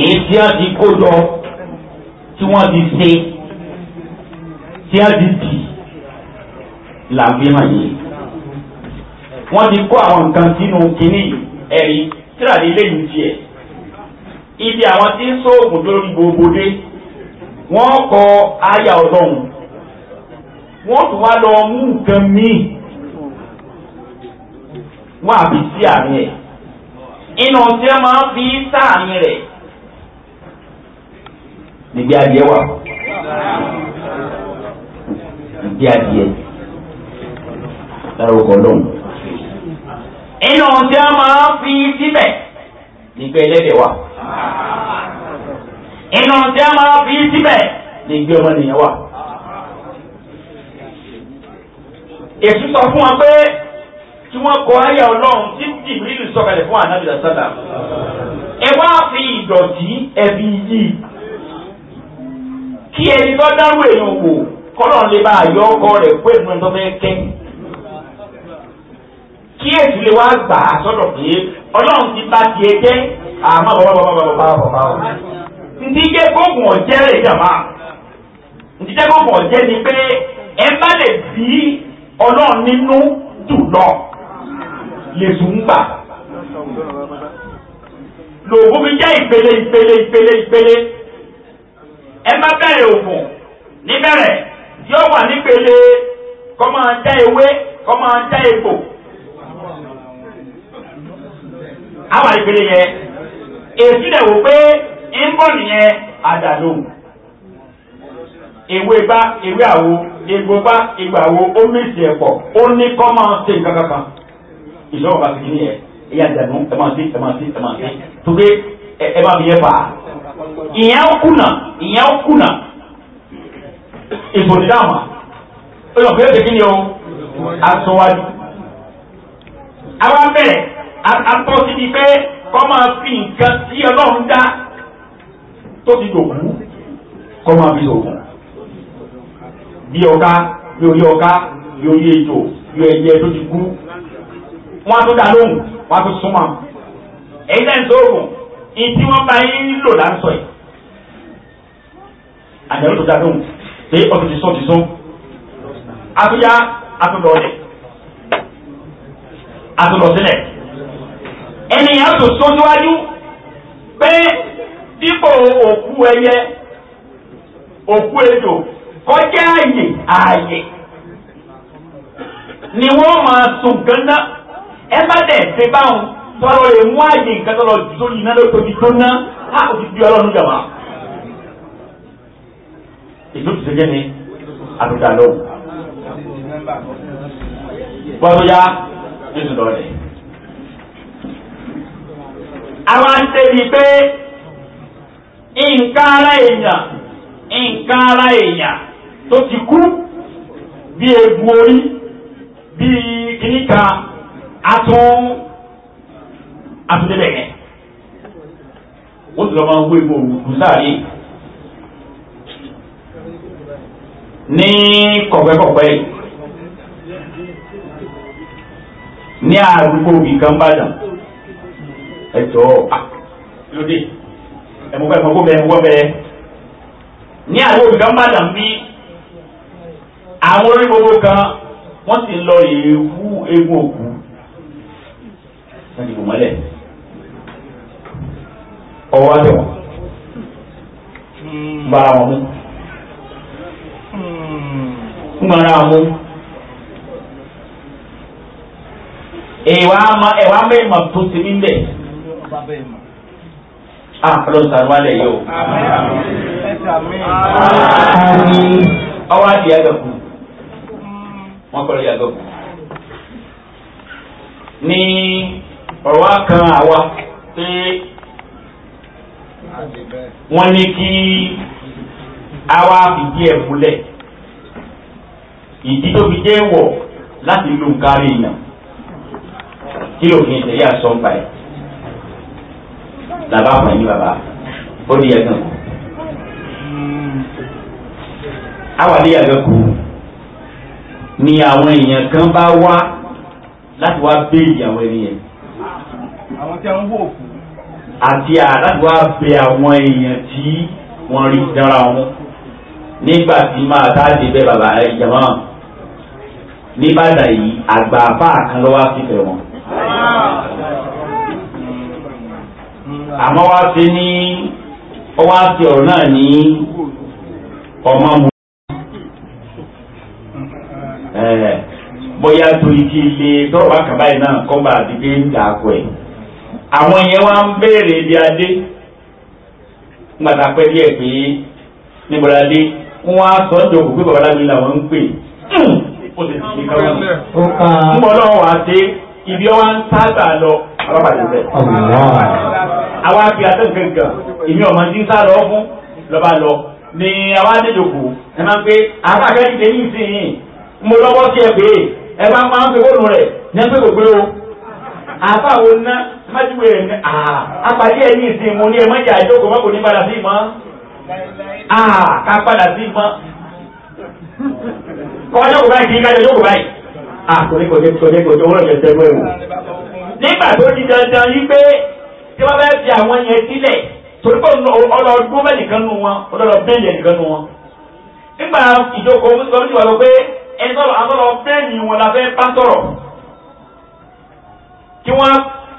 èyí tí a ti kó lọ tí wọ́n ti ṣe tí a ti bì là hàn yìí. wọ́n ti kó àwọn nǹkan sínú kínní ẹ̀rí tíráàdì lẹ́yìn tiẹ̀ ibi àwọn tí ń sóògùn tó lórí gbogbo dé wọ́n kọ àyà ọlọ́run wọ́n tún wá lọ mú nǹkan míì wọ́n àbí sí àmì ẹ̀ inú tí wọ́n máa fi sáàmì rẹ̀ níbi adìẹ wà níbi adìẹ lárúkọ lóhùn inú tí wọ́n máa fi síbẹ̀ nígbẹ́ ẹlẹ́dẹ̀ wà inú tí wọ́n máa fi síbẹ̀ nígbẹ́ ọmọnìyàn wà. èsù sọ fún wọn pé tí wọ́n kọ ayé ọlọ́run tí jìbìrìlù sọ̀kalẹ̀ fún ànábìlà sálà ẹ wá fi ìdọ̀tí ẹbí yìí kí ẹni tó dárú èèyàn wò kọ́nà lè bá àyọ ọkọ rẹ̀ pé ìmú ẹni tó fẹ́ kẹ́ kí èsù lè wá gbà á sọ̀rọ̀ pé ọlọ́run ti bá tiẹ̀ jẹ́ àmọ́ bàbá bàbá bàbá bàbá bàbá ntí jẹ́ gbógun ọ̀jẹ́ rẹ̀ jàmá ntí jẹ́ gbógun ọ̀jẹ́ ni pé ẹ bá lè bí ọlọ́run nínú jùlọ lèṣù ń gbà. lòògùn fi jẹ́ ìpele ìpele ìpele ìpele ẹ má bẹ̀rẹ̀ níbẹ̀rẹ̀ yóò wà nípele kọ́ máa ewé kọ́ máa egbò. àwọn ìpele yẹn èsì rẹ̀ wò pé ń bọ̀ ewé bá ewé àwo. ìgbópa ìgbàwo ó mèsì ẹ̀pọ̀ ó ní kọ́ máa ṣe nǹkan kankan ìṣòro bá ti kí ni ẹ̀ ẹ̀yà ìdànù ẹ̀ máa ṣe ẹ̀ máa ṣe ẹ̀ máa ṣe tó pé ẹ̀ máa fi yẹ fà á. ìyẹn kùnà ìyẹn kùnà ìbòdìdáàmà ó yàn fẹ́ẹ́ ṣe kí ni o àtúnwájú. àwọn bẹ̀rẹ̀ àtọ́ síbi pé kọ́ máa fi nǹkan tí ọlọ́run dá tó ti dòkú kọ́ máa fi dòkú bí ọ̀ká bí orí ọ̀ká bí orí ejò bí ẹyẹ tó ti kú wọ́n á tún dá lóhùn wọ́n á tún súnmọ́ ẹ̀yin náà ń sọ̀rọ̀ ìyí tí wọ́n bá yín lò là ń sọ yìí àjẹ̀wò tó dá lóhùn pé ọ̀tún ti sọ ti sọ àtúnyá àtúndọ̀ọ́lẹ̀ àtúndọ̀sílẹ̀ ènìyàn tó sọ́síwájú pé dípò òkú ẹyẹ òkú ejò kọjá àyè àyè ni wọ́n máa sùn gánná ẹ bá dẹ̀ ṣe báwọn tọ́lọ́ lè mú àyè nǹkan tọ́lọ́ jù sórí iná lórí tóbi tó ná á kò ti di ọlọ́run jàmá. ìlú ti ṣe ni àbúdá lọ́wọ́ gbọ́dọ̀ yá nínú lọ́ọ̀dẹ̀. àwọn àṣẹbí pé nǹkan ara èèyàn nǹkan ara èèyàn tó ti kú bí egbò orí bí kìníkà atún atúndébẹ̀ yẹn wọ́n ti lọ́ máa ń wé egbò òwúrú sáré ní kọ̀pẹ́kọ̀pẹ́ yìí ní àdúgbò ìkan bàdàn ẹjọ lóde ẹmọgbẹ ẹmọgbẹ ẹmọgbẹ ní àdúgbò ìkan bàdàn bí àwọn orí gbogbo kan wọ́n ti lọ èèwú egun òkú wọ́n ti bò mọ́lẹ̀ ọwọ́ abẹ wọn bára wọn mú mara mú ẹ̀wà mẹ́ẹ̀mà tó ti mí bẹ̀ àpọ̀lọ́ sàrúwálẹ̀ yóò ọwọ́ adìyẹ gbẹ̀kú wọ́n kọ́ lórí àgọ́ ní ọ̀rọ̀ wa kan àwa pé wọ́n ní kí àwa fìdí ẹ̀ múlẹ̀ ìdí tó fi jẹ́ wọ̀ láti lu kárí èèyàn kí òfin ìṣẹ̀lẹ̀ àsọ̀ǹpa ẹ̀ làbá fún ẹ̀yìn bàbá ó di ẹ̀gàn. àwa di ẹ̀gàn kù ni àwọn èèyàn kan bá wá láti wá béèrè àwọn ẹni yẹn. àwọn tí a ń wò kú. àti láti wá bẹ àwọn èèyàn tí wọ́n rí dára wọn nígbà tí máa tá bẹ́ẹ̀ bàbá ẹ̀ jàmọ́ yìí àgbà àbá lọ́wọ́ fífẹ́ wọn. àmọ́ wá sí ní ọwọ́ àti ọ̀rọ̀ náà ní ọmọ mu. torí kí ilé tọ́wọ́ àkàbá yìí náà kọ́ bá àdìgbé ń dà kọ́ ẹ̀. àwọn yẹn wá ń béèrè ibi adé ńgbàdá pẹ́ díẹ̀ pé níbo la dé wọ́n á sọ ọ́jọ́ kò pé babaláwo làwọn ń pè hmm. ó ti ká wọn. ń bọ̀ náà wà á ibi ọwọ́ ń sábà lọ alábàdé bẹ́ẹ̀. àwa fi àtẹ̀kẹ́ gan èmi ti ń sá lọ fún lọ́ba lọ ni àwa adéjòkó ẹ máa ń pé àwọn akẹ́kẹ́ ti dé ní ìsinyìí mo lọ́wọ́ sí ẹ pé ẹ bá ń pa ń pe fóònù rẹ̀ ní ẹgbẹ́ kò gbé o àfa wo ná májúwe ẹ̀ ní àpàdé ẹ̀ ní ìsìn mo ní ẹ má jẹ́ àjókòó mọ́ kò ní padà sí ìmọ̀ ká padà sí ìmọ̀ kọ́kọ́ jókòó báyìí kì í kájọ jókòó báyìí àkòríkòjé kòjé kòjé owó ọ̀jọ̀ ìṣẹ́gun o nígbà tó di dandan yí pé tí wọ́n bá fi àwọn yẹn sílẹ̀ torí pé ọlọ́ọ̀dún bẹ́ẹ̀ nìkan nu wọn ọlọ́ọ̀dún bẹ́ẹ̀ nìkan nu wọn. nígbà ìjókòó mùsùlùmí wà lọ pé ẹni sọ̀rọ̀ àtọ́lọ fẹ́ẹ̀mì wọn la fẹ́ bá sọ̀rọ̀ kí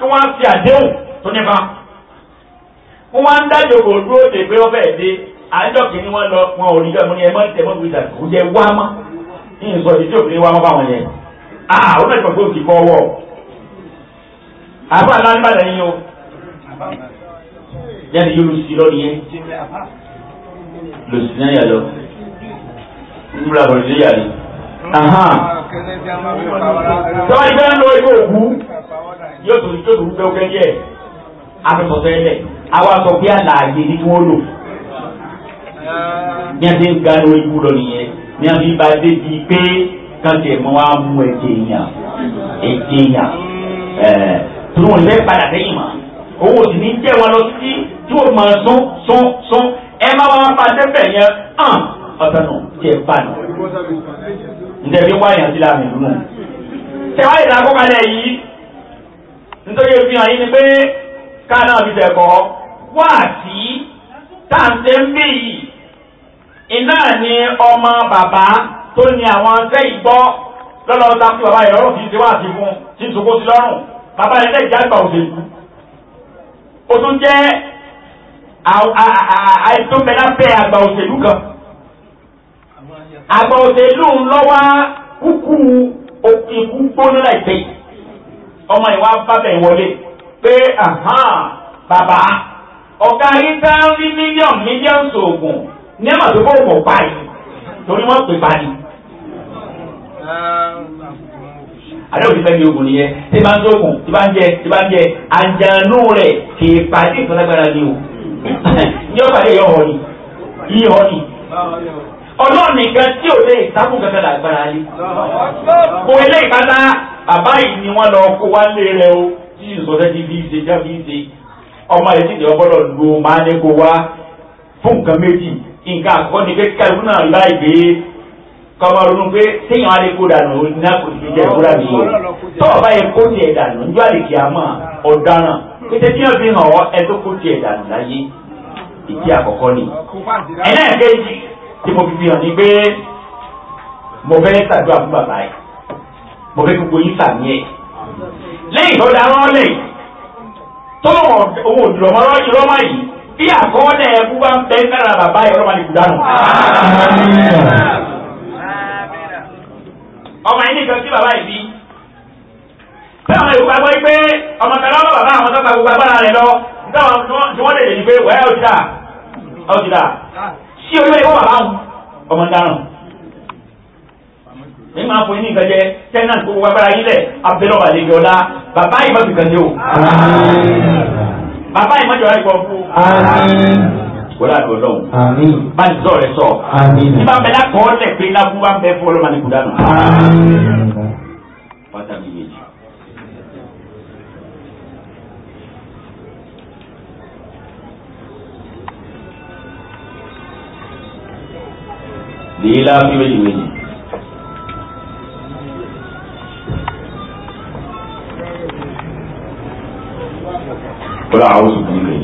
wọ́n fi àdéhùn tó nípa wọ́n wá ń dájọ́ kò dúró de pé wọ́n fẹ́ẹ̀ dé àjọ kìíní wọn lọ wọn ò rí jọ mo ní ẹ mọ́ tẹ mọ́ gbèsè kò jẹ wá mọ́ ní ìsọ ìdí òkè wá mọ́ báwọn yẹn àà ah, ó náà gbàgbọ́ òkè kọ́ wọ́ àbá aláǹbàdàn yín o yẹ́nì yóò lùsí lọ nìyẹn lùsí náà yà lọ nígbà wọlé yà lọ tọ́wọ́ ibẹ̀ ń lo ibò òkú yóò tún yóò tún gbẹ́wọ́ kẹ́kẹ́ ẹ̀ afẹ́fọ́sọ ẹlẹ̀ àwa sọ pé àlàyé ni wọ́n lò ní a ti ń ga lórí ibú lọ nìyẹn ní a fi ba débi pé kàtẹ́ mọ́ wa mú ẹ̀jẹ̀ yàn ẹ̀jẹ̀ yàn ẹ̀ tó wọn lè padà sẹ́yìn mọ́ owó sì ní jẹ́ wọn lọ sí tí wọ́n máa sún sún sún ẹ má wá pa sẹ́fẹ̀ yẹn ọ̀tọ̀ nù tí ntẹ̀bí wáyàn sí láàmì ìlú náà. tẹ̀wáyì ta kọ́kalẹ̀ yìí nítorí èyí fi hàn yín ni pé ká náà fi tẹ̀kọ́ wá sí táǹtẹ̀ ń bì yìí iná ni ọmọ bàbá tó ní àwọn akẹ́ ìgbọ́ lọ́lọ́ ta kí bàbá yẹn lọ́rùn kì í ṣe wá sí fún tí ń sokó sí lọ́rùn bàbá yẹn lẹ́jà àgbà òṣèlú. ó tún jẹ́ àìsàn bẹ́ẹ̀ lábẹ́ àgbà òṣèlú kan àgbà òṣèlú ńlọ́wọ́ kúkú ikú gbóná láìpẹ́ ọmọ ìwà bábẹ̀ wọlé pé bàbá ọ̀gá yíká ń rí mílíọ̀nù mílíọ̀nù sòògùn ní ẹ̀mà tó kọ̀ wọ̀ báyìí torí wọ́n pè báyìí àdéhùn ti fẹ́ mi ogun nìyẹn tí bá ń sókun tí bá ń jẹ tí bá ń jẹ àjànú rẹ̀ kì í pàdé ìfúnnágbára ni o (laughs) ní ọ̀pàdé yọ̀ họ́ ni yíyọ̀ họ́ ni ọlọ́run nìkan tí ò lè sákùn kankan lágbára lé. kò ilé ìkátá bàbá yìí ni wọ́n lọ kó wá lé rẹ o tí ìsọ̀tẹ́ ti fi ṣe jábí ṣe ọmọ yìí ti dẹ̀ ọgbọ́dọ̀ lu máa ní kó wá fún nǹkan méjì nǹkan àkọ́kọ́ ni pé kẹ́lú náà láì gbé kọmọdún pé téèyàn á lè kó dànù ní àkòtí jẹ ìkúra mi o tó ọba yẹn kó tiẹ̀ dànù ní wàlẹ̀ kí a mọ̀ ọ̀daràn pété tí wọ́n fi hàn ọ́ ẹ tó kó tiẹ̀ dànù láyé ìdí àkọ́kọ́ ni. ẹlẹ́ẹ̀kejì tí mo fi fi hàn ní pé mo fẹ́ ṣàdúrà fún bàbá yìí mo fẹ́ gbogbo yín sàmì ẹ̀ lẹ́yìn tó dáná lẹ̀ tó owó ìrọ̀mọ́rọ́ ìrọ́mọ́ yìí bí àkọọ́lẹ̀ ẹ̀kú bá ń bẹ kára bàbá yìí ọlọ́mọdé kù dànù. ọmọ yìí nìkan sí bàbá yìí bí bẹ́ẹ̀ wọn ìwúgbà gbọ́ pé ọmọ kẹlẹ́ ọmọ bàbá àwọn tó gba gbogbo agbára rẹ̀ lọ nígbà tí wọ́n lè lè ní pé wẹ́ẹ́ ó tí olóyè wọ́n bàbá wọn ọmọ dáràn èyí máa fọ inú ìgbẹ́jẹ tẹ́nà tó wá bára yín lẹ̀ abẹ́rẹ́ ọ̀bà lè yọ̀ọ́lá bàbá yìí mọ̀tò kan ní o bàbá yìí mọ̀tò kan ní o wọ́n á lọ lọ́wọ́ rẹ sọ ní bá ń pé lábú bá bẹ fọ́ ní kùdánù. pátá mi yé jù. Bila api baju ini Kalau awak suka ni kaya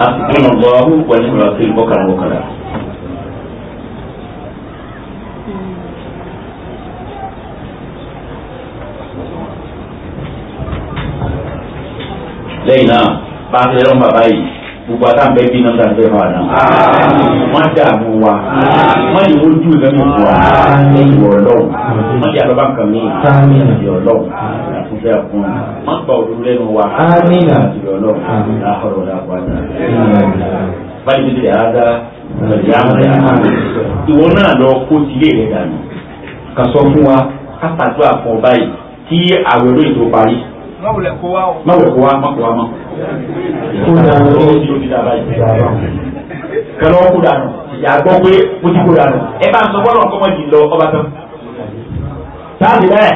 Aku kena Allah Wajib berhasil bukan bukan Aku lẹ́yìn náà bá a ti lọ́n bàbá yìí gbogbo àtàǹbẹ́ bí náà dàgbé wa náà wọ́n dààmú wa wọ́n yìí wọ́n dùn lẹ́nu wa lẹ́yìn ọlọ́run wọ́n yà lọ́ba kan ní ìyọ̀ ọlọ́run àtúnṣe àkùn wọ́n gba òdòdó lẹ́nu wa ìyọ̀ ọlọ́run láàárọ̀ làwọn àgbà báyìí ti di àádá ìwọ náà lọ kó tilé rẹ dànù kà sọ fún wa ká pàdúrà fún báyìí kí àwẹ̀rọ ètò parí mọ̀wùlẹ̀ kó wá mọ̀ kó wá mọ̀. kó dànù ó ti omi dàbà yìí. kẹlẹ́ wọn kó dànù ìyá gbọ́ pé mo ti kó dànù. ẹ bá ń sọ bọ́lá ọkọ mọ̀jì lọ ọba tán. sáàbì bẹ́ẹ̀.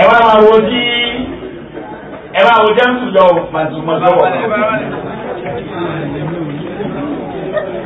ẹ wá máa wo jí ẹ wá wo jẹ́ǹsì lọ màtúmọ̀tò wọ̀.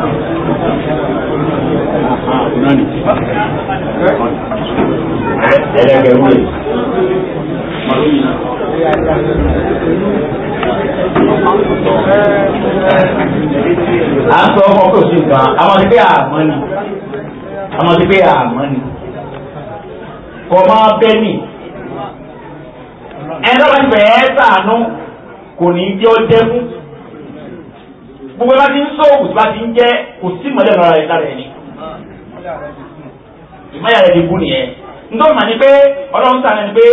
ẹlẹgbẹrún rẹ à ń sọ ọkọ kò sí nǹkan àwọn ti pé àmọ́ ni àwọn ti pé àmọ́ ni kò máa bẹ́ nì ẹni tó bá ti fẹ́ ẹ́ kò ní í jẹ́ ó jẹ́ fún. gbogbo bá ti ń sóòwò tí bá ti ń jẹ kò sí mọlẹ lọ́ra rẹ̀ lára ẹni. ìmọ̀lẹ́ rẹ̀ ti kú nìyẹn. nítorí màá ní pé ọlọ́run sàn ní pé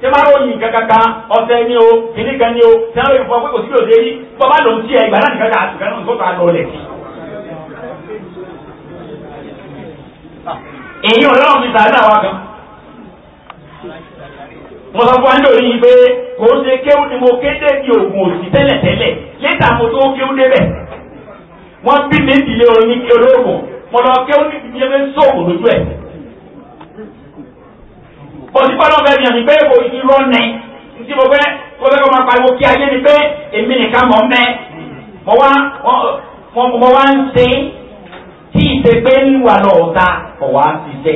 tí a bá ròyìn kankanka ọ̀sẹ̀ ni o kìnní kan ni o kò sí bá lòun tí ẹ ìgbà láti kankan àti kankan tó ta lọ sí. èyí ọlọ́run wọ́n bí ní ìdílé oní olóògùn mọ̀lọ́ kí ó ní ìdílé fẹ́ sóògùn lójú ẹ̀. bọ̀dí bọ́lá ọ̀gá ènìyàn ní pé èkó irọ́ ni tí mo fẹ́ mo fẹ́ kọ́ máa pariwo kí ayé ni pé èmi nìkan mọ̀ mẹ́ mo wá mo wá ń ṣe tí ìṣe pé ń wà lọ́ọ̀ta ọ̀wá ti ṣe.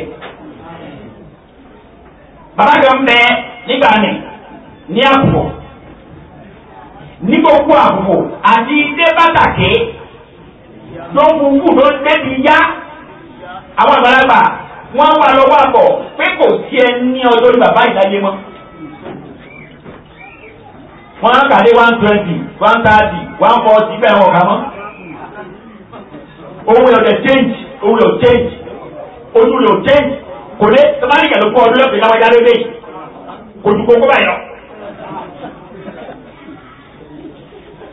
bàbá kan bẹ nígbà ni ní àpò ní gbogbo àpò àti ilé pàtàkì ló ń wúwú ló ń tẹ́bi yá àwọn àgbàlagbà wọ́n wà lọ́wọ́ àbọ̀ pé kò sí ẹ ní ọjọ́ orí bàbá ìdájẹ́ mọ́. wọ́n á kàdé one twenty one thirty one forty bẹ́ẹ̀ wọ̀ ká mọ́. owó yóò change owó yóò change ojú yóò change kò dé tọ́ba ní ìyàlókù ọdún lọ́pẹ̀ láwọn ẹja lóde kò ju kókó báyìí lọ.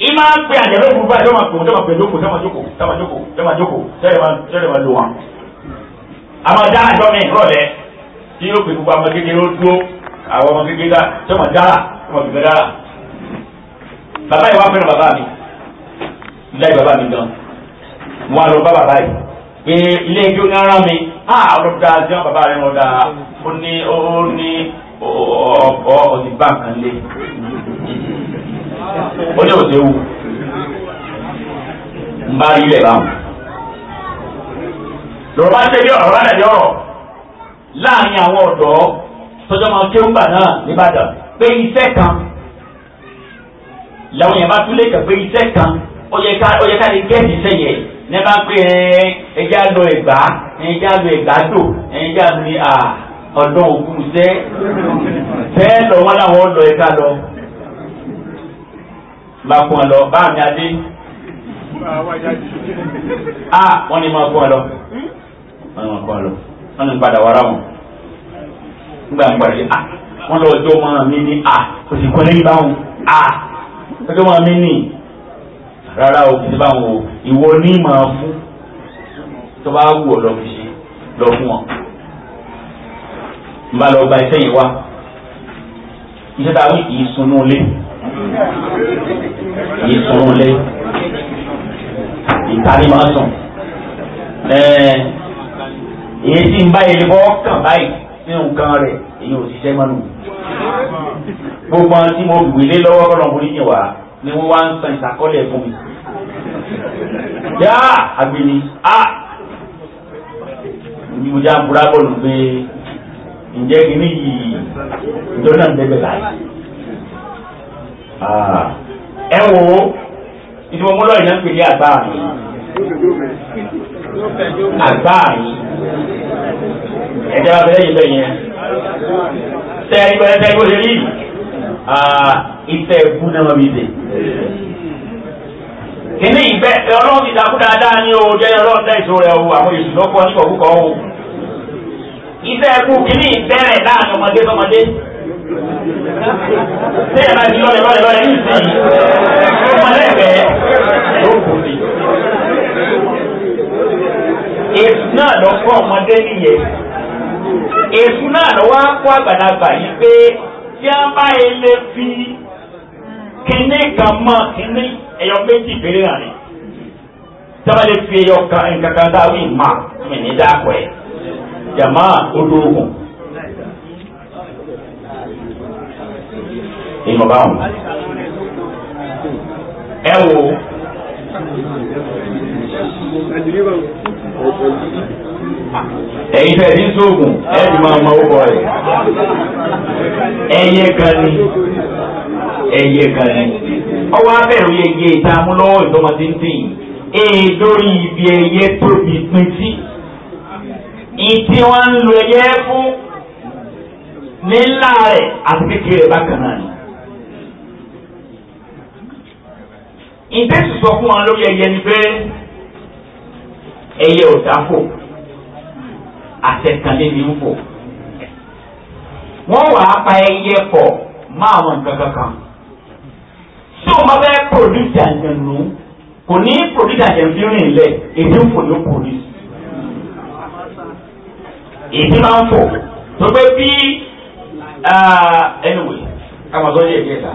ìmá ń a àjẹ́ lókun báyìí lọ́mà kò lọ́mà pẹ̀lú òkú lọ́mà jókòó lọ́mà jókòó lọ́mà jókòó tẹ́lẹ̀ máa lò wọn. àwọn ọjà àjọ mi rọlẹ̀ tí yóò pè gbogbo ọmọ kékeré ó dúró àwọn ọmọ kékeré tọmọ dára tọmọ bìbẹ dára. bàbá yìí wá fẹ́ràn bàbá mi láì bàbá mi gan wọn lọ bá bàbá yìí pé ilé ijó ní ara mi á ọlọ́dà tí wọn bàbá rẹ̀ ń ọ̀dà ó ní ó ní ọ̀ọ́ ọ̀ọ́ ó ní òde wù ń bá rí ilẹ̀ báwọn. lọ́rọ̀ bá ṣe bí ọ̀rọ̀ rádà ní ọ̀rọ̀ láàrin àwọn ọ̀dọ́ tọjọ́ máa kéwù gbà náà nìbàdàn pé iṣẹ́ kan làwọn yẹn bá tún lè kàn pé iṣẹ́ kan ó yẹ ká ó yẹ ká lè gẹ́ẹ̀sì iṣẹ́ yẹn ní bá pé ẹjẹ́ àlọ́ ẹ̀gbá ẹjẹ́ àlọ́ ẹ̀gbá dò ẹjẹ́ àlọ́ ọ̀dọ́ òkú sẹ́ fẹ́ẹ́ lọ wọn làwọn ọ̀dọ́ ẹ̀ká lọ ma kún ọ lọ bá mi adé a wọn ni máa kún ọ lọ wọn ni máa kún ọ lọ wọn ni padà wàrà wọn nígbà ń parí a ah, wọn lọ ọjọ́ máa mi ní a ah, kò sì kọ́ lẹ́yìn báwọn a ah, ọjọ́ máa mi ní rárá o kì í báwọn o ìwọ ní máa fún tó bá wù ọ lọ fi ṣe lọ fún wọn n bá lọ gba iṣẹ́ yìí wá iṣẹ́ tá a wí kì í sunú lé yìí sọ̀rọ̀ lé ìtàlí máa sùn ẹ̀ẹ́ èyí tí ń bá yẹn bọ́ kàn báyìí nínú nǹkan rẹ̀ èyí ò ṣiṣẹ́ mọ́nù gbogbo àwọn tí mo wílé lọ́wọ́ kọ́nà mo níyìn wá ni wọ́n wá ń san ìsàkọ́lẹ̀ fún mi yá àgbìnì á ní mo já burá bọ́ọ̀lù pé ǹjẹ́ kìíní yìí ìjọ náà ń dẹ́gbẹ̀ láyé. Ah. ẹ wò ó ìdìbò mọ́lọ́ ìyá ń pè ní àgbà mi àgbà mi ẹ̀jẹ̀ abẹ́rẹ́ yìí bẹ́ẹ̀ yẹn tẹ ìgbẹ́rẹ́ tẹ ìgbẹ́rẹ́ yìí ìfẹ́ ẹ̀kú náà wọ́n mi dé kìíní ìgbẹ́ ọlọ́run ti dàkú dáadáa ní o jẹ́ ọlọ́run dá ìṣòro ẹ̀ o àwọn èsù lọ́kọ́ nípa òkú kan o ìfẹ́ ẹ̀kú kìíní ìbẹ̀rẹ̀ láàrin ọmọdé sọmọdé. Ṣé ẹ̀ di lọ́lẹ̀ lọ́lẹ̀ lọ́lẹ̀ yìí sí i? Ọmọ lẹ́gbẹ̀ẹ́ ló kù sí. Èsù náà ma fún ọmọdé nìyẹn. Èsù náà lọ wá kó àgbàlagbà yìí ni. fi ìmọ̀ báwọn. ẹ wo. ẹ̀yin fẹ́ ní sóògùn ẹ̀ ti máa ma owó rẹ̀. ẹyẹ kan ni ẹyẹ kan ni ọwọ́ abẹ́rù yege ìtààmúlọ́wọ́ ìtọ́mọdéńtìn èèdórí ibi ẹyẹ tóbi pin sí. ìtí wọn ń lo ẹyẹ fún nílá rẹ̀ àti kékeré bákan náà ni. ìdẹ́sì sọ fún wa lórí ẹyẹ ni pé ẹyẹ ò dáfò àtẹ̀kànlé ni ń fò wọ́n wà á pa ẹyẹ pọ̀ mọ́ àwọn nǹkan kankan tí o máa fẹ́ pòdúsì àjẹnù kò ní pòdúsì àjẹnù fi rìn lẹ̀ èdè ń fò ló pòdúsì èdè máa ń fò tó pé bí ẹnuwèé. Ah, káma sọ yẹ ẹyẹ ta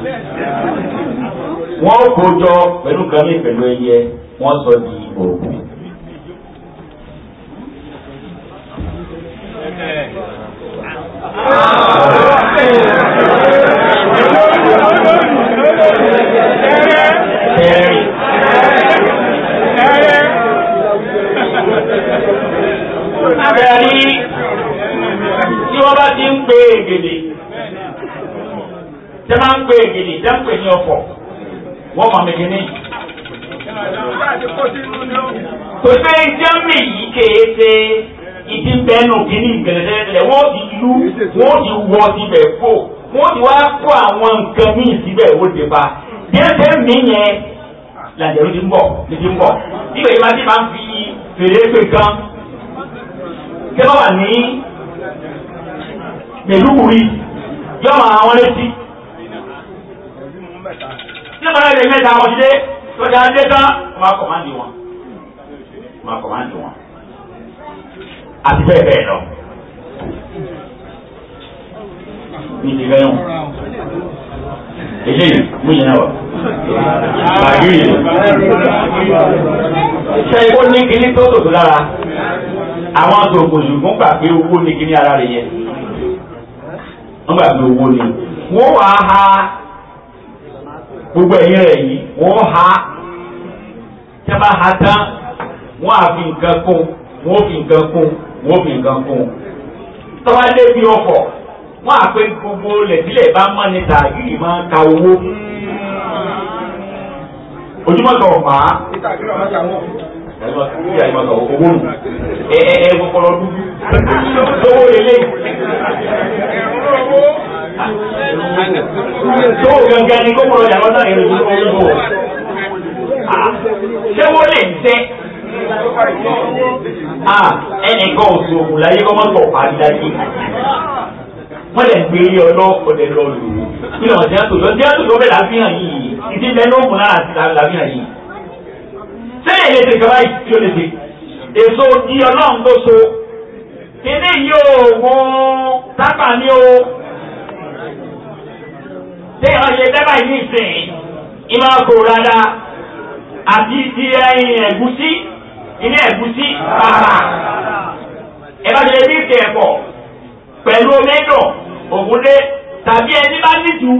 wọn kó jọ pẹ̀lú kan ní pẹ̀lú ẹyẹ wọn sọ di òògùn. Abẹ́rẹ́ tí wọ́n bá ti ń pe ègèdè tẹ́ máa ń pè é gidi tẹ́ ń pè ní ọkọ̀ wọ́n mọ̀ mí gidi tó pé jẹ́mì yìí kéése ìdí bẹ́ẹ̀nù kìíní ìgbẹ̀lẹ́dẹ́lẹ́ wọ́n ti lu wọ́n ti wọ síbẹ̀ kó wọ́n ti wá kó àwọn nǹkan míì síbẹ̀ ó dé bá jẹ́sẹ̀ mi yẹn làjẹ̀rú ti ń bọ̀ ti ti ń bọ̀ nígbà yìí máa ti máa ń fi fèrè pé kan kí wọ́n wà ní mẹ̀lúkùrí yọ̀ọ́ àwọn létí ní ọ̀rọ̀ rẹ̀ mẹ́ta wọ́n ṣe lọ́jà ń dé tán máa kọ̀mándì wọn máa kọ̀mándì wọn àti bẹ́ẹ̀ bẹ́ẹ̀ lọ. ní ti fẹ́ wọn eléyìí mú yẹn wà bàgírì ṣe ikú ní kíní tó tòtò lára àwọn àtòkòjù fún gbà pé owó ní kíní ara rẹ̀ yẹ wọ́n gbà pé owó ni wọ́n wàá ha gbogbo ẹ̀yìn rẹ̀ yìí wọ́n ha tí bá ha tán wọ́n á fi nǹkan kún wọ́n fi nǹkan kún wọ́n fi nǹkan kún tọ́wá lé bí ọkọ̀ wọ́n á pé gbogbo lẹ̀sílẹ̀ bá mọ́ ní tàgírì máa ń ka owó ojúmọ́ kan ọ̀pá ẹ ẹ ẹ kọkọrọ dúdú lówó lélẹ́yìn tó gangan ni kókòrò ìyàwó náà yẹn ló ń bọ̀. ṣé wọ́n lè jẹ́ ẹnìkan ò sòkò láyé kọ́ mọ́tò àdáyé wọ́n lè gbé ilé ọlọ́ ọ̀dẹ lọ lò ó kí lọ́wọ́ díẹ̀ tó lọ díẹ̀ tó lọ bẹ̀ láfihàn yìí ìdí bẹ́ẹ̀ ló ń kún lára yìí. sẹ́yìn lè tẹ̀sán báyìí tí ó lè tẹ̀ èso di ọlọ́run tó so ilé yìí wọ́n tábà ní o tí ìran ṣe tẹ́bà yìí ní ìsìn ìmọ̀ kò rárá àti ti ẹyin eh, ẹ̀gúsí ilé ẹ̀gúsí pàpà ẹ̀bá ṣe ní ìsìn ẹ̀pọ̀ pẹ̀lú omedo ògúndé tàbí ẹni bá nìtú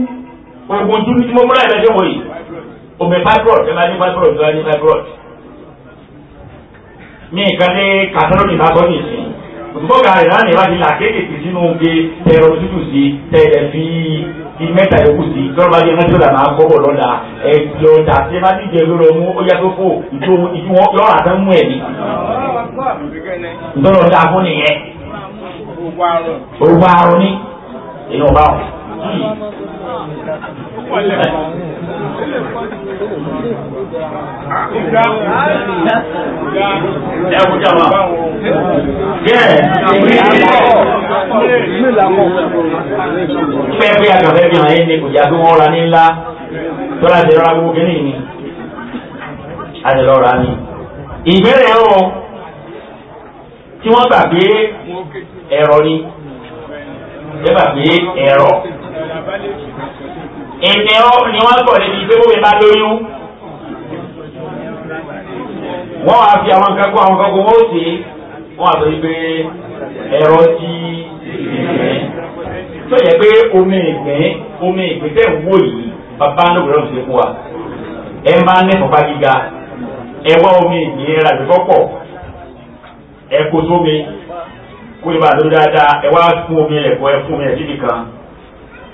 ògùn dúdú tí mo múra ìrẹsẹ̀ wọ̀nyí omi fibroid ẹ máa ní fibroid ẹ máa ní fibroid ní nǹkan ní kàtàlónì bá sọ ní ìsìn òtúbọ̀gà rẹ̀ náà ní ìwádìí là kéékèèké sínú oge tẹ̀rọ tútù sí tẹ̀lẹ̀ fi di mẹ́ta yòókù sí lọ́ba yẹn rántí ọ̀dà máa gbọ́bọ̀ lọ́la ẹ̀jọ̀ ọ̀dà tí bá dìje lọ́rọ̀ mú ó yàtọ̀ fò ìtú wọn yọ̀ọ́ àtẹ mú ẹ̀ ní. ntọ́lọ́ da fún nìyẹn. owó àrùn ni èèyàn bá wọn ẹ wò jàmbá bẹ́ẹ̀ pẹ́ẹ́pẹ́ àgbàfẹ́ mi hàn yín ni kò yá bí wọ́n ra ní ńlá tọ́lá ti rọra gbogbo kínní ni a ti lọ́ọ́ ra ni. ìbéèrè ọ̀rọ̀ tí wọ́n gbà pé ẹ̀rọ ni ẹ gbà pé ẹ̀rọ èdè ọ ni wọ́n gbọ́ níbi pé wọ́n bá lóyún wọ́n wá fi àwọn nǹkan kó àwọn nǹkan kó wọ́n ó sè é wọ́n àtọ́ yí pé ẹ̀rọ ti ìgbẹ́ tó yẹ pé omi ìgbẹ́ omi ìgbẹ́ tẹ̀ wó yìí bàbá lóbìnrin ọ̀sẹ̀ fún wa ẹ máa ní fọ́fá gíga ẹ wá omi ìgbẹ́ rà lùkọ́pọ̀ ẹ kó sómi kó lè bá dáadáa ẹ wá fún omi ẹ̀kọ́ ẹ fún omi ẹ̀ síbi kan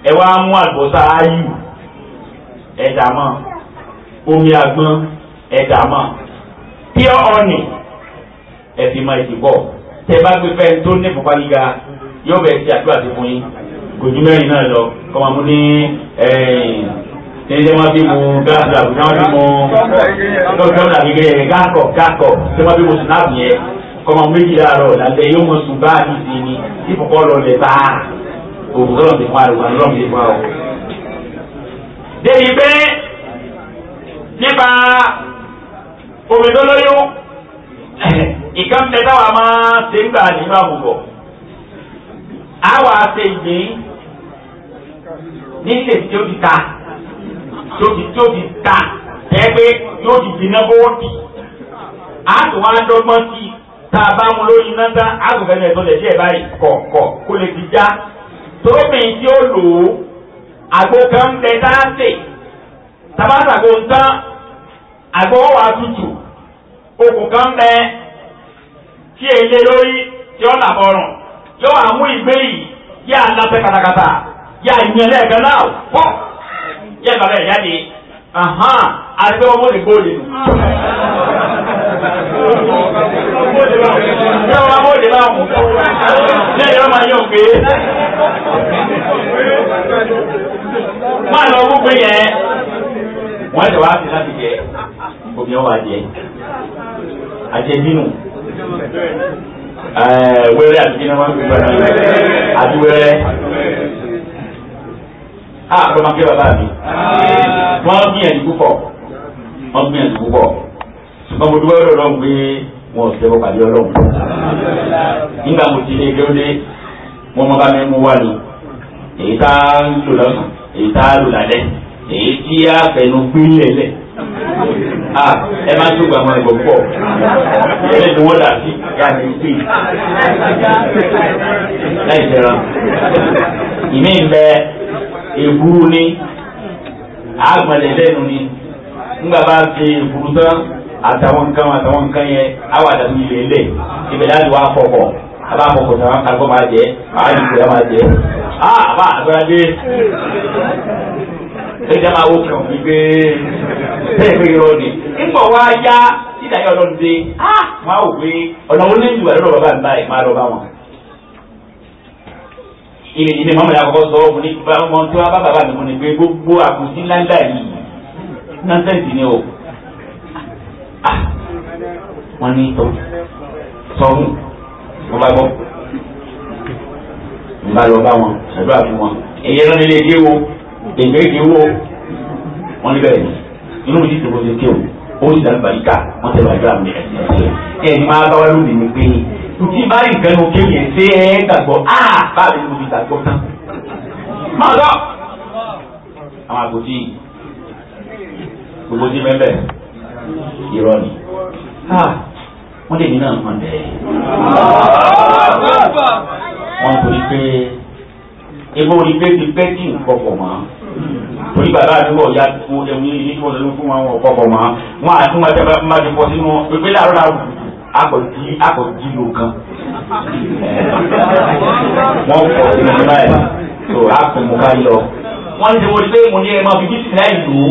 ẹ wá mú àlùbọ́sà áyù ẹ dà mọ́ omi àgbọn ẹ dà mọ́ pure honey ẹ fi máa ti bọ̀ tẹ bá gbé fẹ́ tó ní ìfọ̀pá gíga yóò bẹ̀ ti àdúrà ti fún yín kò ju mẹ́rin náà lọ kọ́ máa mú ní tẹ́lẹ̀ máa bí mu gáàsì àbùkù náà bí mu lọ́sọ̀rọ̀ àgbègbè yẹn gáàkọ̀ gáàkọ̀ tẹ́lẹ̀ máa bí mu sùnáàbù yẹn kọ́ máa mú méjì láàárọ̀ lálẹ́ yóò mọ̀ sùn báàgì sí ni ìfọ̀kọ́ lọ lẹ̀ òkú tọ́lọ̀ ti pariwo àlọ́lọ́ ti pa o. débi pé nípa omi tó lóyún nǹkan tẹ táwa máa ṣe ń gbà ní máa bùbọ̀ àwa ṣe ìgbín ní ilé tí ó ti ta tí ó ti tí ó ti ta ẹgbẹ́ yóò ti dìnnà bóòdì a tún wá dọ́gbọ́n sí i tá a bá mú lórí náà tán a tún fẹ́ẹ́ tó lè díẹ̀ báyìí kọ̀ọ̀kọ̀ kó lè ti já. torobìnrin tí ó lò ó kan ń bẹ tabatago ń wà tutù kan tí èlé lórí tí ó làbọrùn yóò wà mú yá katakata ya ìyẹn lẹ́ẹ̀kan náà pọ̀ yẹ àgbẹ̀ ọmọ ní bóòlì nù. Bí wọ́n bá bóòlì bá mú, ní ẹ̀yọ́ máa yọ̀ pé. Máa lọ gbogbo yẹn. Wọ́n ẹ̀jẹ̀ wá sí láti jẹ, obìnrin wa jẹ. Àjẹ nínú. Wẹ́rẹ́ àti kí ni wọ́n ń gbé bàtà àti wẹ́rẹ́. Ah, máa ń gbé bàbá mi. Wọ́n gbìyànjú púpọ̀ wọ́n gbìyànjú púpọ̀ ṣùgbọ́n mo dúpẹ́ lọ́dọ̀ ọlọ́run pé wọn ò sẹ́wọ́ pàdé ọlọ́run. nígbà mo ti ní kéwọ́dé wọ́n mọ bá mi mú wá lò èyí tá a ń lò lọ́sàn èyí tá a lò lálẹ́ èyí tí a fẹnu gbélé lẹ̀ ẹ máa tó gbàgbọ́ ẹ̀gbọ́n pọ̀ ẹ̀rẹ́ ni wọ́n dà sí pé láì jẹran ìmí ń bẹ ègbúrú ní àgbọ̀nlẹ̀ ni ńgbà bá se ìfuru tán àtàwọn nǹkan àtàwọn nǹkan yẹn àwọn àdàbí ilẹ̀ ilẹ̀ ibẹ̀ láti wá fọ̀kọ̀ àbá fọ̀kọ̀ tàwọn àgbọ̀ máa jẹ́ àá yìí kúrẹ́ máa jẹ́ àbá àgbàdé ẹja máa wó kàn mí pé bẹ́ẹ̀ pé irọ́ ni ńgbà wá yá ìdáyọ̀ ọlọ́run dé máa wò pé ọ̀nà wọn ní ìlú àdúrà bàbá mi báyìí máa lọ bá wọn ilé ìdílé mọ́mọ́lá àkọ́kọ́ sọ ọ́ mo ní bá ọmọ tó wá bá bàbá mi mo ní pé gbogbo àkùsí ńláńlá yìí nọ́sẹ̀ǹsì ni o ah. wọ́n ní tọ́ sọ́hún wọ́n bá gbọ́ n bá lọ bá wọn ṣàdúrà fún wọn èyí ló nílé ìdí wo èyí ìdí wo wọ́n níbẹ̀ ni inú mi ti dùn lóde kí o ó sì dàgbà yíká wọ́n ti bàjọ́ àmì ẹ̀sìn ẹ̀sìn ẹ̀yìn máa bá wá lóde ní pé ntí bá rí nǹkan ní kéwì ẹ̀ ṣé ẹ̀ gbàgbọ́ á ah! báàbí mo ti gbàgbọ́ tán máa lọ àwọn àgùntí yìí gbogbo tí bẹ́ẹ̀ bẹ́ẹ̀ irọ́ ni wọ́n lè ní náà kàn dẹ̀ wọ́n torí pé ebo orí pé ti pẹ́ tí nǹkan pọ̀ mọ́ torí bàbá àdúgbò ya kó ẹ̀wù yìí ní kí wọ́n lè fún wọn ọ̀pọ̀ pọ̀ mọ́ wọn àti wọn tẹ́ bá má ti pọ̀ sínú pépé láàárọ̀ láàárọ̀ akọ̀dí akọ̀dí ló kan wọ́n pọ̀ sínú náà ẹ̀ tó a kò mú ká yọ wọ́n ti wọ́n pé mo ní ẹ̀ máa fi bísí náà lò ó.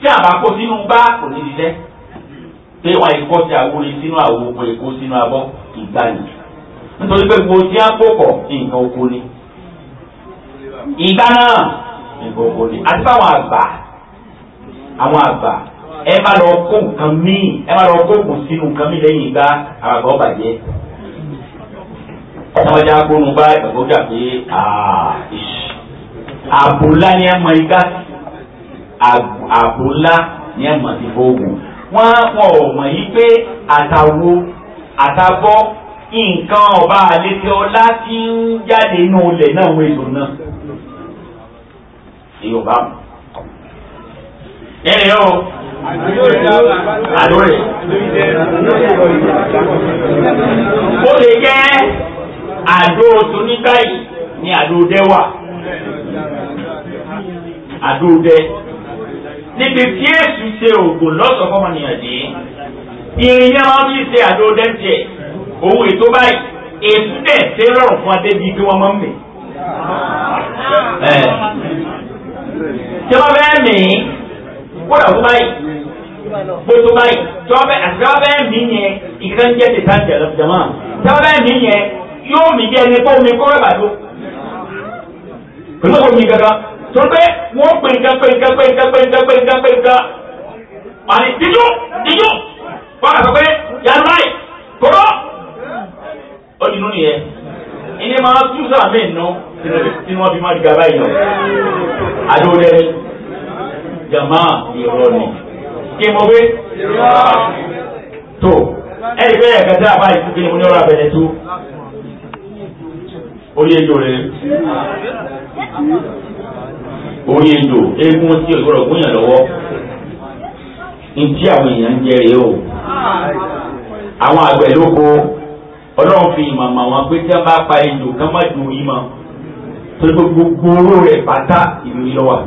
tí àbá kó sínú bá kò ní ṣiṣẹ́ pé wọn èkó ti àwòrán sínú àwo wọn èkó sínú abọ́ ìgbàlè nítorí pé gbogbo tí a kó pọ̀ nǹkan oko ni ìgbà náà nǹkan oko ni àti báwọn àgbà àwọn àgbà ẹ má lọ kó nǹkan míì ẹ má lọ kó kù sínú nǹkan míì lẹ́yìn ìgbà àgbà ọ̀bàjẹ́ táwọn ajá bá ìgbàgbọ́ gbà pé ààbò ni ẹ mọ igbá sí àpò ńlá ní ẹ̀mọ̀ ti fóògùn wọ́n wọn ò mọ̀ yí pé àtàwo àtàbọ̀ nǹkan ọba àlétí ọlá ti ń jáde inú ilẹ̀ náà wọ èso náà èyí bá mu. ẹnì yóò àdóre ó lè jẹ́ àdó tóníkàyì ní àdó dẹ́wà àdó dẹ́ níbi tí èsù ṣe òògùn lọ́sọ̀ fọmọnìyàn dé irin yẹn máa fi ṣe àdó dẹ́ńtẹ̀ òun ètò báyìí èsù dẹ̀ ṣe rọrùn fún adé bíi pé wọ́n máa ń mì. tí wọ́n fẹ́ mì í kódà tó báyìí gbogbo báyìí tí wọ́n fẹ́ àti tí wọ́n fẹ́ mì í yẹn ìkan jẹ́ ti sáńtẹ̀ lọ́sọ̀dọ̀mọ́ tí wọ́n fẹ́ mì í yẹn yóò mì jẹ́ ẹni kó mi kó rẹ̀ bàdó. pẹ̀lú òmìnira tó pé wọ́n pè nǹkan pè nǹkan pè nǹkan pè nǹkan pè nǹkan pè nǹkan. Màní dídú dídú wọ́n kà sọ pé yàrá láì kóró. Ó dìnnú nìyẹn. Ìní máa tú sáà mí nù tí wọ́n fi máa di gàba yìí lọ. Adó dẹ́ni. Jàmá ìrọ̀ ni. Kí n mọ̀ pé. Tó ẹ̀rí bẹ́ẹ̀ ẹ̀ka tí a bá yìí kúkiri mo ní ọ̀rọ̀ abẹ́rẹ́ tú. Orí ejò rẹ̀ oyin ejò eégún tí òṣùwọ̀rọ̀ gúnyàn lọ́wọ́ ntí àwọn èèyàn ń jẹ rèé o àwọn àgbẹ̀ lóko ọlọ́run fi ìmọ̀ mọ̀ wọn pé tí wọ́n bá pa ejò kán má dùn yín mọ́ torí pé gbogbo owó rẹ̀ pátá ìlú yìí lọ́wọ́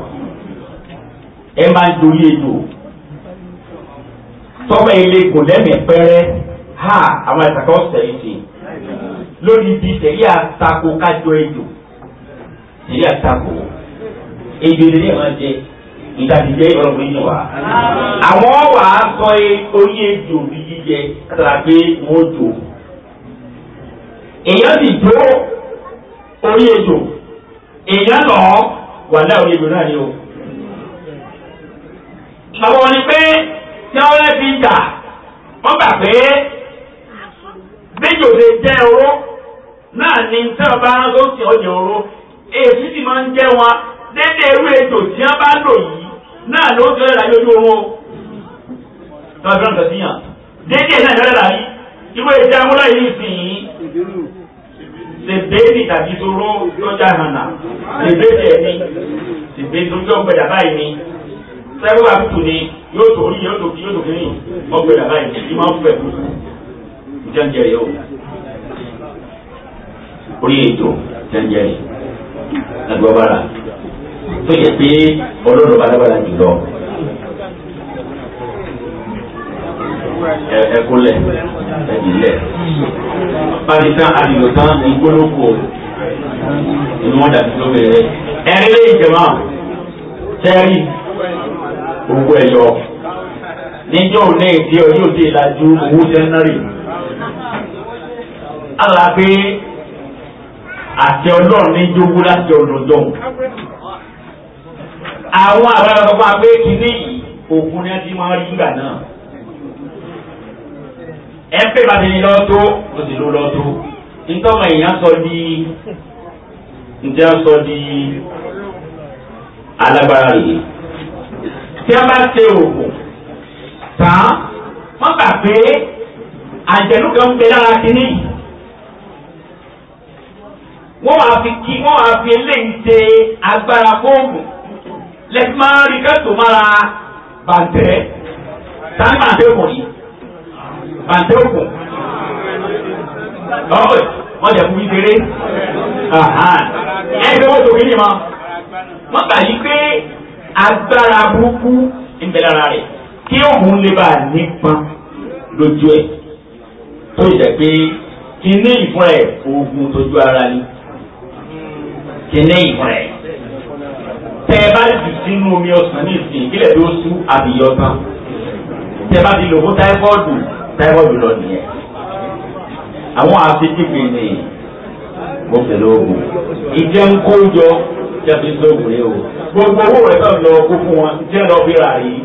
ẹ máa ń dorí ejò tọ́pẹ́ ilé gùn lẹ́mìí pẹ́rẹ́ ha àwọn ìtàkọ́ sẹ̀yìn sí lórí ibi sẹ̀yìn àtakò kájọ ejò sẹ̀yìn àtakò ebi ìdílé máa jẹ ìdàdíjẹ ìrọ̀rùn yìí wá. àwọn wà á sọ e, orí èdè òbí jíjẹ kátàlá pé wọ́n jò. èèyàn sì jó orí èdò èèyàn lọ wà náà orí èdò náà ni o. àwọn wọn ni pé tí wọ́n lè fi jà wọ́n gbà pé méjì òde jẹ́ oró náà ni tí bá ń sọ́ọ̀tì ọ̀jẹ̀ oró èyí sì máa ń jẹ́ wọn dédé irú ètò tí wọ́n bá lò yìí náà ló ń jọlẹ̀ láyé ojú oorun o. lọ́jọ́ nǹkan sí yàn dédé náà jọlẹ̀ láyé irú ètò amúlá yìí sìn yín sèbéèdì tàbí toró lọ́jà hànà sèbéèdì ẹ̀mí sèbéèdì tó ń gbé ọgbẹ̀dà báyìí ni sẹ́wọ́n àkùkù ni yóò tó orí yóò tó kí yóò tó kí ní ọgbẹ̀dà báyìí ni máa ń fẹ́ kú jẹ́njẹ́ yìí o orí ètò jẹ́njẹ́ yìí tó yẹ pé ọlọ́run balabala jùlọ. ẹkú lẹ ẹbí lẹ pàdé tán àdìgbò tán ìgbólókò inú wọn dàbí ló bẹ̀rẹ̀ ẹrin lé ìjẹmọ tẹrí gbogbo ẹyọ níjọ òní ìdí ọjọ́ òde ìlàjú owó jẹnẹrì alábẹ àti Ọlọ́run ní jogún láti ọdún dọhùn àwọn àbára sọ fún wa pé kínní òkun ni wọ́n ti máa rí gbà náà ẹ pé bàtí ni lọ́ọ́ tó òṣèlú lọ́ọ́ tó ntọ́mọ èèyàn sọ di ǹjẹ́ sọ di alágbára rèé tí a bá ṣe òògùn tán wọ́n gbà pé àjẹ̀lú kan ń bẹ lára kínní wọ́n wá fi kí wọ́n wá fi eléyìí ṣe agbára fóògùn lẹ́tí máa rí kẹ́tù mára bàtẹ́ tani bàtẹ́ òkun yìí bàtẹ́ òkun lọ́wọ́ wọ́n jẹ́ fún ìṣeré ẹ̀yìn tó wọ́n tó kí ni mọ́ wọ́n gbà yí pé agbára burúkú ìbẹ̀lára rẹ̀ kí òun lè bá a nípọn lójú ẹ̀ tó yẹ pé kíní ìfúnra ẹ̀ oògùn tójú ara ni kíní ìfúnra ẹ̀ tẹ ẹ bá jù sínú omi ọsàn ní ìsìn ìkílẹ̀ tó sú àbíyọ tán tẹ bá ti lò fún táífọ́ọ̀dù táífọ́ọ̀dù lọ nìyẹn àwọn àfikìpì ni mo fẹ́ lóògùn ìjẹun kó jọ jẹ́bi lóògùn rẹ o gbogbo owó rẹ náà lọ kó fún wọn jẹ́ lọ bí ra yìí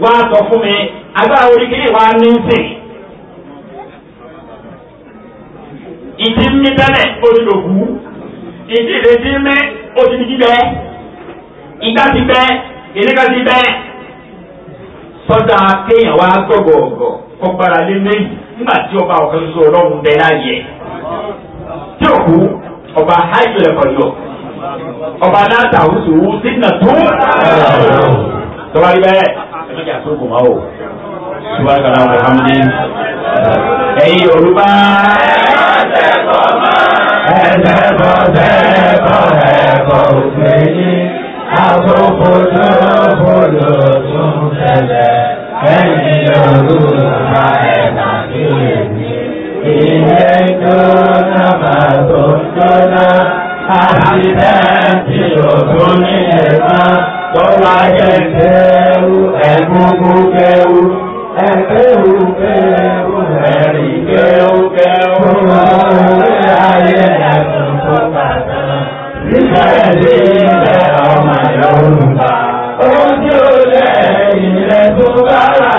wá sọ fún mi agbára oríkìlì wa ní sè ìdí mi tẹ́lẹ̀ olùdòkú ìdí ìrètí mi ó ti di jíjẹ ìgbà ti bẹ́ ìníkà ti bẹ́ sọ́dà kéèyàn wá gọ̀gọ̀gọ̀ kọ́ gbára lé méjì nígbà tí ọba ọ̀kan ṣoṣo ọlọ́run bẹ láàyè tí òkú ọba hajj ẹ̀kọ́ yọ ọba aláta àwùjọ owó sínú tó tọ́wárí bẹ́ẹ̀ ẹ̀mẹ́jà máa wò ṣùgbọ́n kàrà wọ̀ hàn òfin àkókòdó fòdò tó ń tẹ̀lẹ̀ ẹ̀yìn olùkọ́ ẹ̀ka kíyèsí ilé jóná máa tó jóná àti bẹ́ẹ̀ tí òkú ní ẹ̀ka tó wá jẹ́ kẹ́rù ẹ̀gúngú kẹ́rù ẹ̀kẹ́rù kẹ́rù ẹ̀rí kẹ́rù kẹ́rù ọ̀rẹ́ ayé àtúntò pàtàkì. Ìṣẹ̀lẹ̀ ọmọ ìyá òǹkà, ó ń tí ó lẹ́yìn rẹ̀ tó bára.